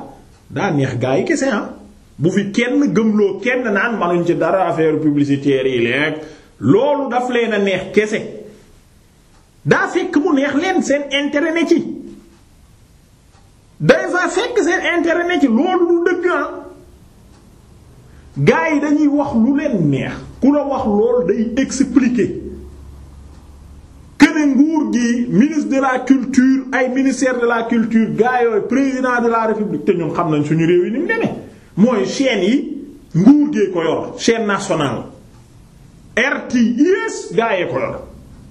daa neex gaa yi kese ah bu fi kenn gëmloo kenn naan manuñ ci dara affaire publicitaire yi leeg loolu daf leen a neex kese daa fekk mu neex leen seen intérêt ne ci day fa fekk seen intérêt ne loolu du dëgg ah gaa yi dañuy wax lu leen neex ku la wax loolu day expliquer ne nguur gi ministre de la culture ay ministère de la culture gaa yooyu président de la république te ñun xam nañ suñu réew yi ni mu mooy chaîne yi nguur gee ko yor chaîne nationale RTS gaa yee ko yor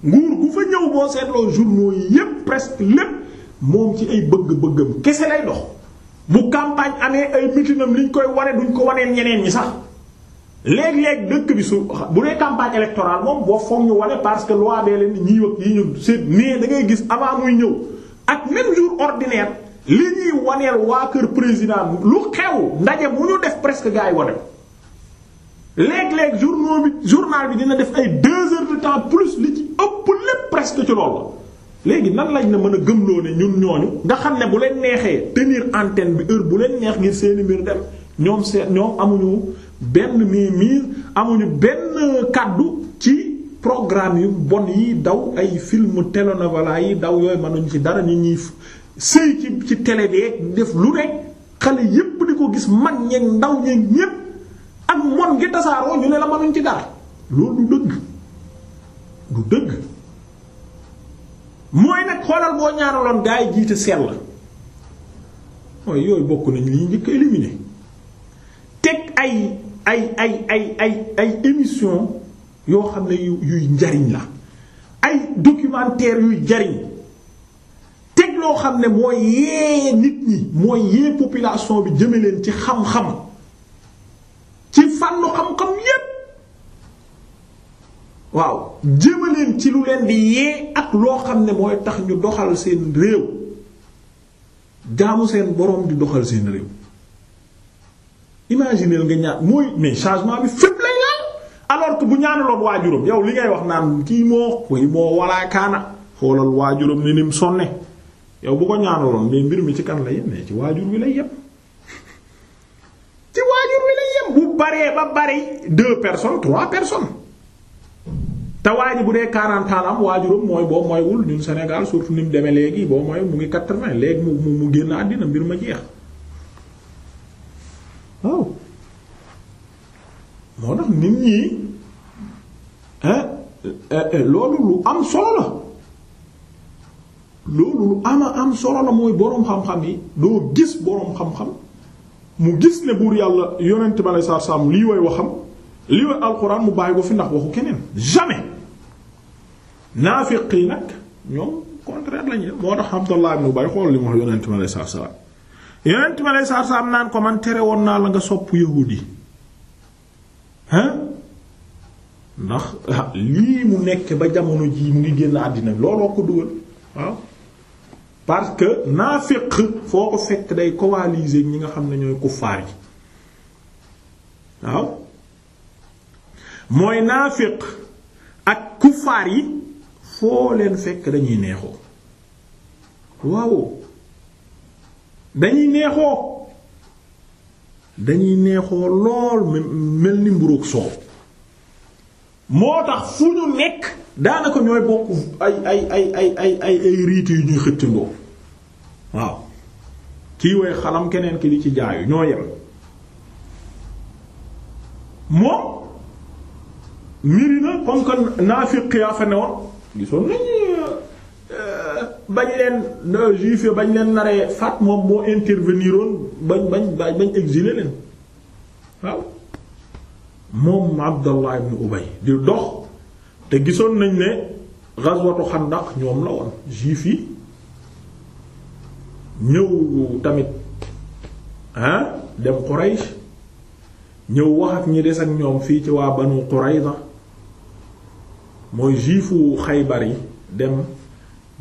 nguur gu fa ñëw boo seetloo journaux yi yépp presque lépp moom ci ay bëgg-bëggam kese lay dox bu campagne amee ay mitinam liñ koy wane duñ ko waree ñeneen ñi sax léeg-léeg dëkk bi su bu dee campagne électorale moom boo foog ñu wane parce que loi bee leen ñii wëg yi ñu seet mais da ngay gis avant muy ñëw ak même jour ordinaire li ñuy waneel waa kër président lu xew ndaje bu ñu def presque gars yi wane ko léeg-léeg journaux bi journal bi dina def ay deux heures de temps plus li ci ëpp lépp presque ci loolu la léegi nan lañ na mën a gëmloo ne ñun ñooñu nga xam ne bu leen neexee te tenir antenne bi heure bu leen neex ngir seeni mbir dem ñoom seen ñoom amuñu benn mii amuñu benn kàddu ci programme yu bon yi daw ay film télénovela yi daw yooyu mënuñ ci dara ñu ñuy sëy ci ci télé bi def lu rek xale yépp di ko gis mag ñeeg ndaw ñeeg ñépp ak mon ngi tasaaroo ñu ne la mënuñ ci dara loolu du dëgg du dëgg mooy nag xoolal boo ñaaraloon gaa yi jiite sell mooy yooyu bokk nañ li njëkk éliminer teg ay ay ay ay ay ay yoo xam ne yuy njariñ la ay documentaire yuy njariñ teg loo xam ne mooy yee nit ñi mooy yee population bi jëme leen ci xam-xam ci fànnu xam-xam yépp waaw jëme ci lu leen di yee ak loo xam ne mooy tax ñu doxal seen réew jaamu seen boroom di doxal seen réew imagineel nga ñaan mooy mais changement bi fépp lay laal alors bu ñaanaloon waajuram yow li ngay wax naan kii moo kii moo walaakaana xoolal waajuram ni nim sonne yow bu ko ñaanaloon mais mbir mi ci kan la yem mais ci waajur wi lay yem ci waajur wi lay yem bu baree ba bari deux personne trois personnes te waa bu dee 40 ans am waajuram mooy boo mooywul ñun Sénégal surtout ni mu demee léegi boo mooy mu ngi 80 léegi mu mu génn àddina mbir ma jeex. waaw moo tax nit ñi eh, eh, loolu lu am solo la loolu lu ama am solo la mooy boroom xam-xam yi doo gis boroom xam-xam mu gis ne buur yàlla yonent ba lay saar saam lii way waxam lii way alxuraan mu bàyyi ko fi ndax waxu keneen jamais naafiq yi nag ñoom contraire lañu moo tax Abdallah ibn Ubay xool li mu wax yonent ma lay saar saam yonent ma lay saar sa naan ko man tere woon naa la nga sopp yahuud yi ndax ah, lii mu nekk ba jamono jii mu ngi génn àddina looloo ko dugal waaw parce que naafiq foo ko fekk day coaliser ñi nga xam ne ñooy kuffaar yi waaw mooy naafiq ak kuffaar yi foo leen fekk dañuy neexoo waaw dañuy neexoo dañuy neexoo lool mel ni mburoog soow moo tax fu ñu nekk daanaka ñooy bokk ay ay ay ay riiti yu ñuy xëccandoo waaw kii way xalam keneen ki li ci jaayu ñoo yem moom miri comme que naafiq yaa fa ne woon gisoon nañ Euh, bañ leen juif yi bañ leen naree faat moom moo interveniroon bañ bañ bañ exiler leen waaw moom Abdallah ibn Ubay di dox te gisoon nañ ne ghazwatu Xandaq ñoom la woon juif yi ñëw tamit ah dem Quraysh ñëw wax ak ñi des ak ñoom fii ci waa Banu Qurayza mooy juifu Xaybar yi dem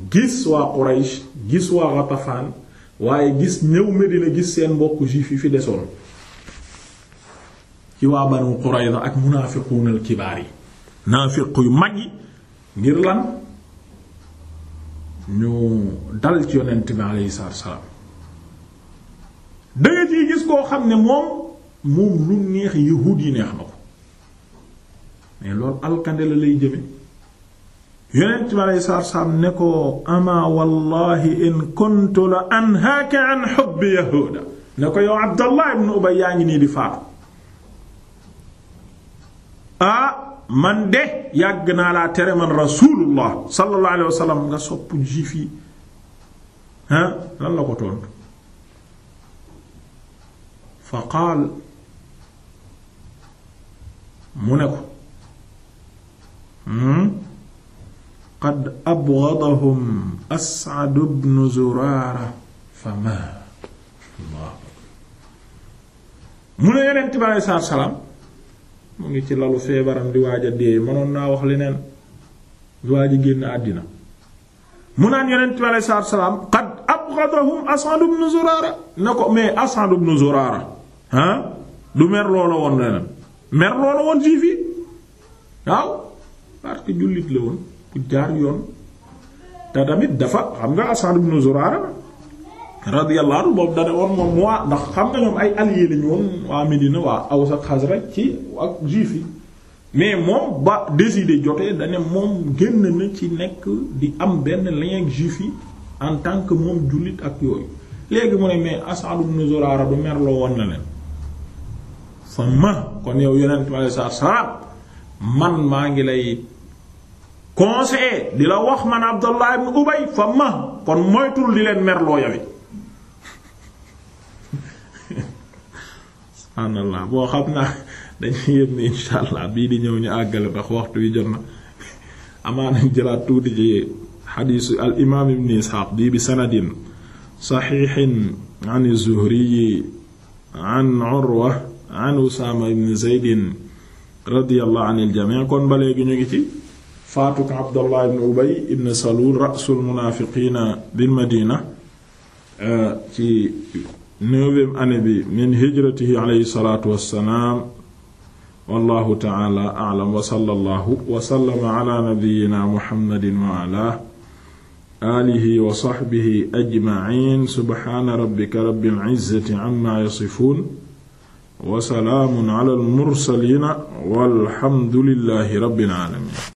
gis waa Quraysh gis waa Ghatafan waaye gis ñëw Medina gis seen mbokk juif yi fi desoon ci waa Banu Qurayza ak munaafiquunal kibaar yi naafiq yu mag ngir lan ñu dal ci yonent bi alayhi salaatu wassalaam gis koo xam ne moom moom lu neex yahuud yi neex na ko mais loolu alkande la lay jëme yonent bi aleyhi salaatu wa ne ko ama wallahi in kuntu la anhaaka an hubbi yahuuda ne ko yow Abdallah ibn Ubay yaa ngi nii di faatu ah man de yàgg naa laa tere man rasulullah sallallahu alayhi wa nga sopp juif yi ah la ko tontu fa qaal mu ne ko hmm? qad abghadahum As'ad ibn Zurara fa ma mu ne yonent bi aleyhi salaatu salaam mu ngi ci lalu feebaram di waaj dee mënoon naa wax leneen di waaj a génn àddina mu naan yonent bi aleyhi salaatu salaam qad abghadahum As'ad ibn Zurara ne ko mais As'ad ibn Zurara ah du mer loola woon leneen mer loola woon juif yi waaw parce jullit la woon. bu jaar yoon te tamit dafa xam nga Asad ibn Zurara radiyallahu anhu boobu dane woon moom waa ndax xam nga ñoom ay alliés lañu woon waa Médina waa Aws ak Xasraj ci ak juif yi mais moom ba décidé jotee dane moom génn na ci nekk di am benn lien juif yi en tant que moom jullit ak yooyu léegi mu ne mais Asad ibn Zurara du merloo woon na leen fa ma kon yow yonent bi alei man maa ngi lay conseiller di la wax man Abdallah ibn Ubay fa ma kon moytul di leen merloo yawit subhaanallah boo xam naa dañuy yëpp ni insha allah bii di ñëw ñu àggale ndax waxtu wi jot na amaana jëlaat tuuti ci xadiisu al imaam ibn Isxaaq bii sanadin saxiixin an az-Zuhri an Urwa an Usaama ibn Zayd radiyallahu anil jamii kon ba léegi ñu ngi ci faatuk abdullah ibn ubay ibn salul rasul munafiqina bil madina eh, ci neuvième année bi min hijratihi alayhi salatu wassalaam wallahu ta'ala a'lam wa sallallahu wa sallama ala nabiyyina muhammadin wa ala alihi wa sahbihi ajma'in subhana rabbika rabbil izzati amma yasifun wa salaamun ala al mursalina walhamdulillahi rabbil alamin